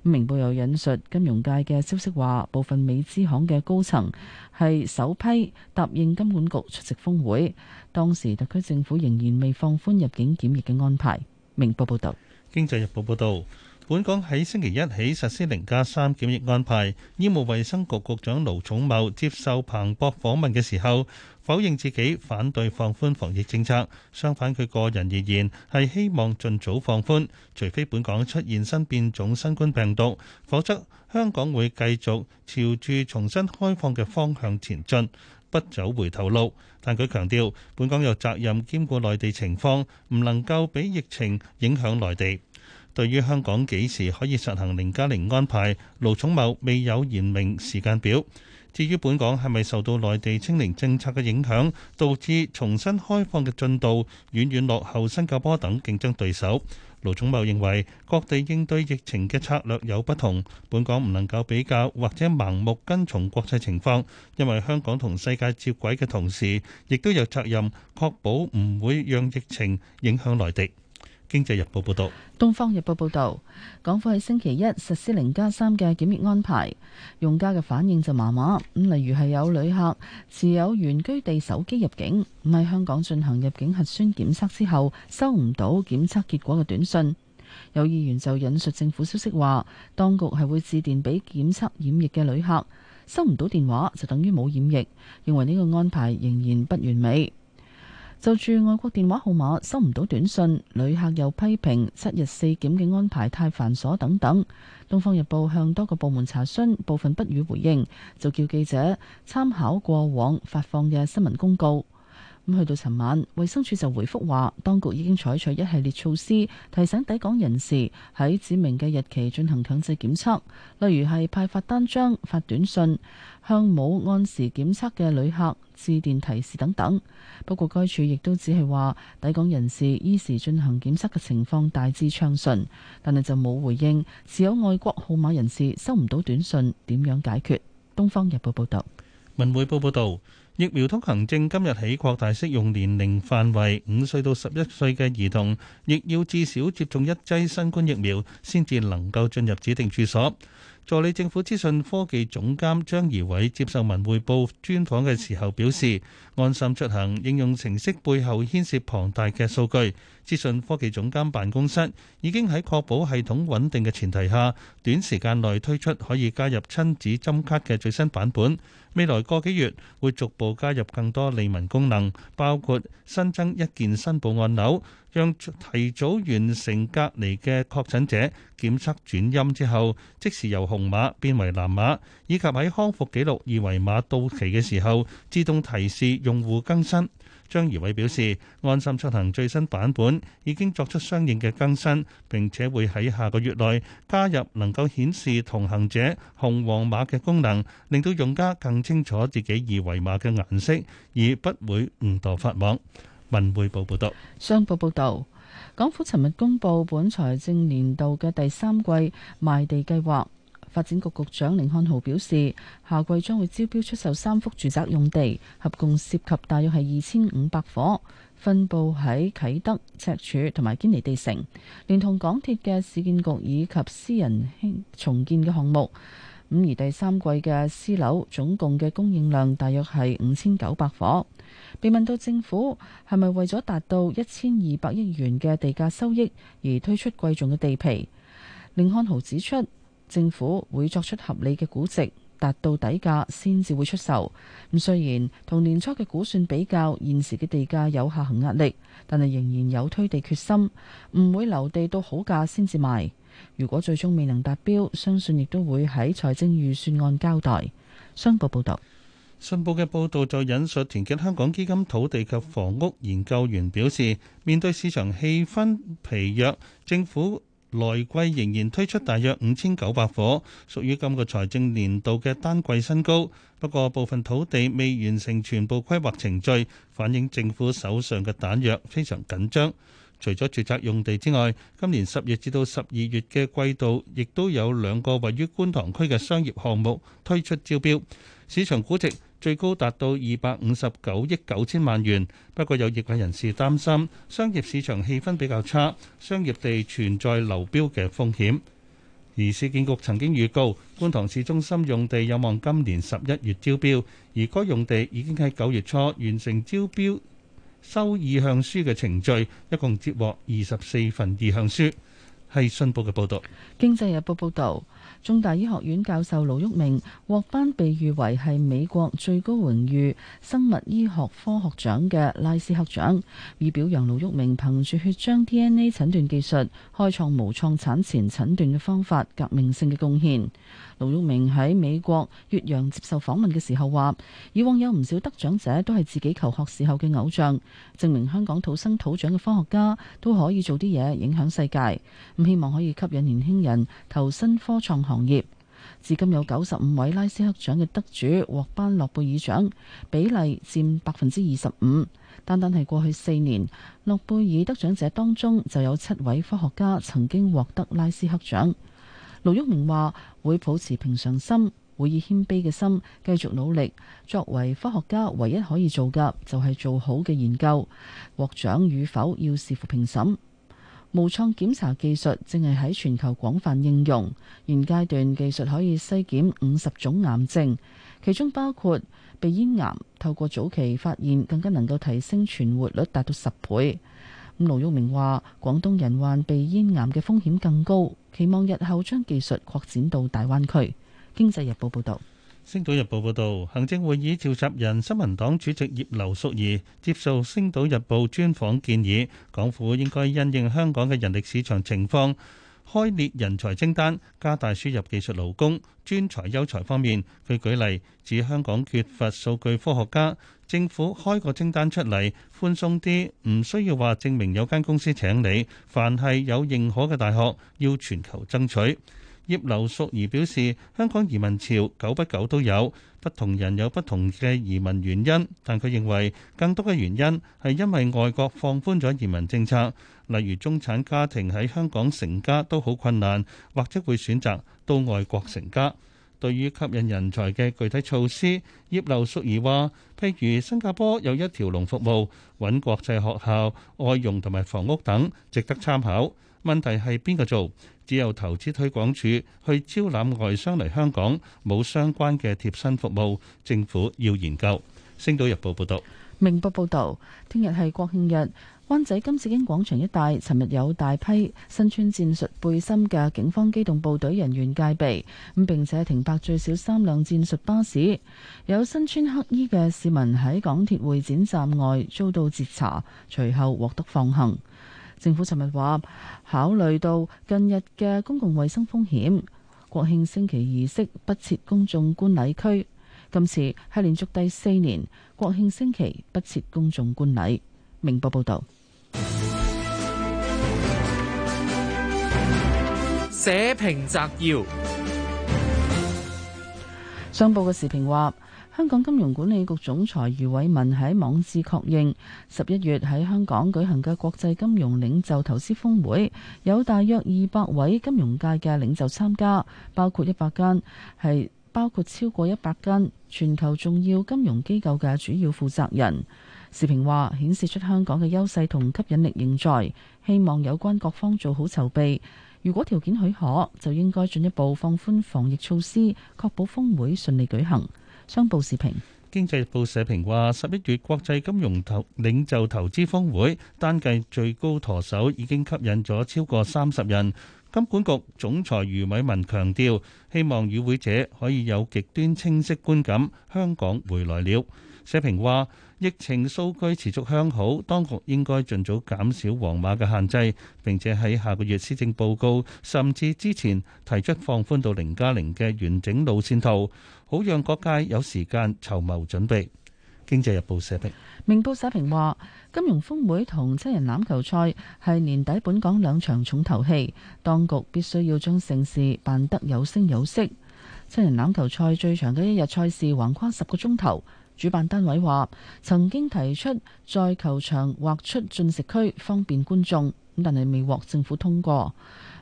明報又引述金融界嘅消息話，部分美資行嘅高層係首批答應金管局出席峰會。當時特區政府仍然未放寬入境檢疫嘅安排。明報報道。經濟日報報道。本港喺星期一起實施零加三檢疫安排，醫務衛生局局長盧寵茂接受彭博訪問嘅時候，否認自己反對放寬防疫政策。相反，佢個人而言，係希望盡早放寬，除非本港出現新變種新冠病毒，否則香港會繼續朝住重新開放嘅方向前進，不走回頭路。但佢強調，本港有責任兼顧內地情況，唔能夠俾疫情影響內地。對於香港幾時可以實行零加零安排，盧寵茂未有言明時間表。至於本港係咪受到內地清零政策嘅影響，導致重新開放嘅進度遠遠落後新加坡等競爭對手，盧寵茂認為各地應對疫情嘅策略有不同，本港唔能夠比較或者盲目跟從國際情況，因為香港同世界接軌嘅同時，亦都有責任確保唔會讓疫情影響內地。經濟日報報道，東方日報報道，港府喺星期一實施零加三嘅檢疫安排，用家嘅反應就麻麻。咁例如係有旅客持有原居地手機入境，喺香港進行入境核酸檢測之後，收唔到檢測結果嘅短信。有議員就引述政府消息話，當局係會致電俾檢測染疫嘅旅客，收唔到電話就等於冇染疫，認為呢個安排仍然不完美。就住外國電話號碼收唔到短信，旅客又批評七日四檢嘅安排太繁瑣等等。《東方日報》向多個部門查詢，部分不予回應，就叫記者參考過往發放嘅新聞公告。咁去到尋晚，衛生署就回覆話，當局已經採取一系列措施，提醒抵港人士喺指明嘅日期進行強制檢測，例如係派發單張、發短信、向冇按時檢測嘅旅客致電提示等等。不過，該處亦都只係話抵港人士依時進行檢測嘅情況大致暢順，但係就冇回應。持有外國號碼人士收唔到短信，點樣解決？東方日報報道，文匯報報道，疫苗通行證今日起擴大適用年齡範圍，五歲到十一歲嘅兒童亦要至少接種一劑新冠疫苗，先至能夠進入指定住所。助理政府資訊科技總監張怡偉接受文匯報專訪嘅時候表示，《安心出行》應用程式背後牽涉龐大嘅數據，資訊科技總監辦公室已經喺確保系統穩定嘅前提下，短時間內推出可以加入親子針卡嘅最新版本。未來個幾月會逐步加入更多利民功能，包括新增一鍵申報按鈕，讓提早完成隔離嘅確診者檢測轉陰之後，即時由紅碼變為藍碼，以及喺康復記錄二維碼到期嘅時候自動提示用戶更新。張怡偉表示，安心出行最新版本已經作出相應嘅更新，並且會喺下個月內加入能夠顯示同行者紅黃碼嘅功能，令到用家更清楚自己二維碼嘅顏色，而不會誤墮法網。文匯報報道，商報報道，港府尋日公布本財政年度嘅第三季賣地計劃。發展局局長甯漢豪表示，下季將會招標出售三幅住宅用地，合共涉及大約係二千五百伙，分布喺啟德、赤柱同埋堅尼地城，連同港鐵嘅市建局以及私人重建嘅項目。咁而第三季嘅私樓總共嘅供應量大約係五千九百伙。被問到政府係咪為咗達到一千二百億元嘅地價收益而推出貴重嘅地皮，甯漢豪指出，政府會作出合理嘅估值，達到底價先至會出售。咁雖然同年初嘅估算比較，現時嘅地價有下行壓力，但係仍然有推地決心，唔會留地到好價先至賣。如果最終未能達標，相信亦都會喺財政預算案交代。商報報道。信報嘅報導在引述團結香港基金土地及房屋研究員表示，面對市場氣氛疲弱，政府來季仍然推出大約五千九百夥，屬於今個財政年度嘅單季新高。不過部分土地未完成全部規劃程序，反映政府手上嘅彈藥非常緊張。除咗住宅用地之外，今年十月至到十二月嘅季度，亦都有兩個位於觀塘區嘅商業項目推出招標，市場估值，最高達到二百五十九億九千萬元，不過有業界人士擔心商業市場氣氛比較差，商業地存在流標嘅風險。而市建局曾經預告觀塘市中心用地有望今年十一月招標，而該用地已經喺九月初完成招標收意向書嘅程序，一共接獲二十四份意向書。係信報嘅報道，《經濟日報》報道。中大醫學院教授盧煜明獲頒被譽為係美國最高榮譽生物醫學科學獎嘅拉斯克獎，以表揚盧煜明憑住血漿 DNA 診斷技術，開創無創產前診斷嘅方法，革命性嘅貢獻。盧煜明喺美國越洋接受訪問嘅時候話，以往有唔少得獎者都係自己求學時候嘅偶像，證明香港土生土長嘅科學家都可以做啲嘢影響世界。咁希望可以吸引年輕人投身科創行業。至今有九十五位拉斯克獎嘅得主獲頒諾貝爾獎，比例佔百分之二十五。單單係過去四年，諾貝爾得獎者當中，就有七位科學家曾經獲得拉斯克獎。盧煜明話。會保持平常心，會以謙卑嘅心繼續努力。作為科學家，唯一可以做嘅就係做好嘅研究。獲獎與否要視乎評審。無創檢查技術正係喺全球廣泛應用，現階段技術可以篩檢五十種癌症，其中包括鼻咽癌。透過早期發現，更加能夠提升存活率，達到十倍。盧玉明話：廣東人患鼻咽癌嘅風險更高，期望日後將技術擴展到大灣區。經濟日報報道，星島日報報道，行政會議召集人、新民黨主席葉劉淑儀接受星島日報專訪，建議港府應該因應香港嘅人力市場情況。開列人才清單，加大輸入技術勞工、專才、優才方面，佢舉例指香港缺乏數據科學家，政府開個清單出嚟，寬鬆啲，唔需要話證明有間公司請你，凡係有認可嘅大學，要全球爭取。葉劉淑儀表示，香港移民潮久不久都有，不同人有不同嘅移民原因，但佢認為更多嘅原因係因為外國放寬咗移民政策。例如中產家庭喺香港成家都好困難，或者會選擇到外國成家。對於吸引人才嘅具體措施，葉劉淑儀話，譬如新加坡有一條龍服務，搵國際學校、外傭同埋房屋等，值得參考。問題係邊個做？只有投資推廣署去招攬外商嚟香港，冇相關嘅貼身服務，政府要研究。星島日報報導，明報報導，聽日係國慶日。灣仔金紫荊廣場一帶，尋日有大批身穿戰術背心嘅警方機動部隊人員戒備，咁並且停泊最少三輛戰術巴士。有身穿黑衣嘅市民喺港鐵會展站外遭到截查，隨後獲得放行。政府尋日話，考慮到近日嘅公共衛生風險，國慶升旗儀式不設公眾觀禮區。今次係連續第四年國慶升旗不設公眾觀禮。明報報道。社評摘要，商報嘅社評話，香港金融管理局總裁余偉文喺網誌確認，十一月喺香港舉行嘅國際金融領袖投資峰會，有大約二百位金融界嘅領袖參加，包括一百間係包括超過一百間全球重要金融機構嘅主要負責人。社評話，顯示出香港嘅優勢同吸引力仍在，希望有關各方做好籌備。如果條件許可，就應該進一步放寬防疫措施，確保峰會順利舉行。商報視評，經濟報社評話：十一月國際金融領投領袖投資峰會單計最高舵手已經吸引咗超過三十人。金管局總裁余偉文強調，希望與會者可以有極端清晰觀感，香港回來了。社評話：疫情數據持續向好，當局應該盡早減少黃碼嘅限制，並且喺下個月施政報告甚至之前提出放寬到零加零嘅完整路線圖，好讓各界有時間籌謀準備。《經濟日報》社評，明報社評話：金融峰會同七人欖球賽係年底本港兩場重頭戲，當局必須要將盛事辦得有聲有色。七人欖球賽最長嘅一日賽事橫跨十個鐘頭。主辦單位話，曾經提出在球場劃出進食區，方便觀眾，但係未獲政府通過。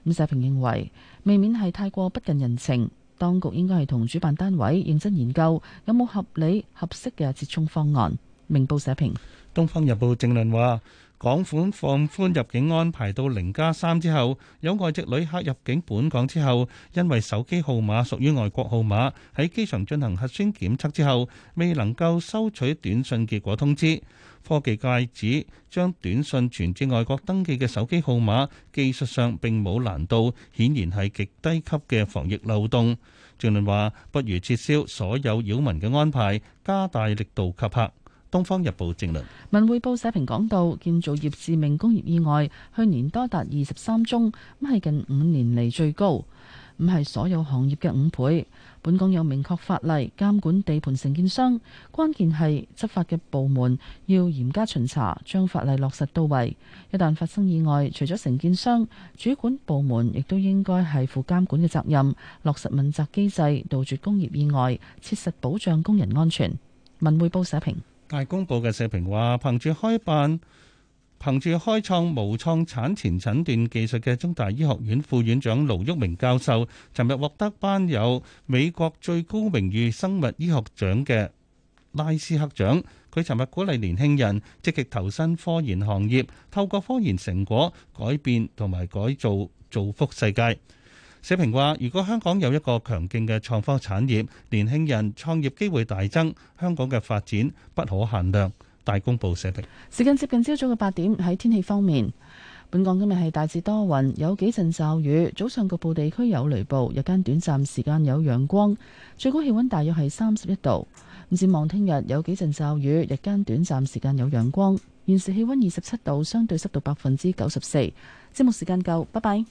咁社評認為，未免係太過不近人情，當局應該係同主辦單位認真研究，有冇合理合適嘅折衷方案。明報社評，《東方日報》政論話。港款放寬入境安排到零加三之後，有外籍旅客入境本港之後，因為手機號碼屬於外國號碼，喺機場進行核酸檢測之後未能夠收取短信結果通知。科技界指將短信傳至外國登記嘅手機號碼技術上並冇難度，顯然係極低級嘅防疫漏洞。撰論話不如撤銷所有擾民嘅安排，加大力度吸客。《東方日報政論》評論文匯報社評講到，建造業致命工業意外去年多達二十三宗，咁係近五年嚟最高，咁係所有行業嘅五倍。本港有明確法例監管地盤承建商，關鍵係執法嘅部門要嚴加巡查，將法例落實到位。一旦發生意外，除咗承建商，主管部門亦都應該係負監管嘅責任，落實問責機制，杜絕工業意外，切實保障工人安全。文匯報社評。大公報嘅社評話：憑住開辦、憑住開創無創產前診斷技術嘅中大醫學院副院長盧煜明教授，尋日獲得頒有美國最高榮譽生物醫學獎嘅拉斯克獎。佢尋日鼓勵年輕人積極投身科研行業，透過科研成果改變同埋改造造福世界。社評話：如果香港有一個強勁嘅創科產業，年輕人創業機會大增，香港嘅發展不可限量。大公報社評。時間接近朝早嘅八點，喺天氣方面，本港今日係大致多雲，有幾陣驟雨，早上局部地區有雷暴，日間短暫時間有陽光，最高氣溫大約係三十一度。展望聽日有幾陣驟雨，日間短暫時間有陽光。現時氣溫二十七度，相對濕度百分之九十四。節目時間夠，拜拜。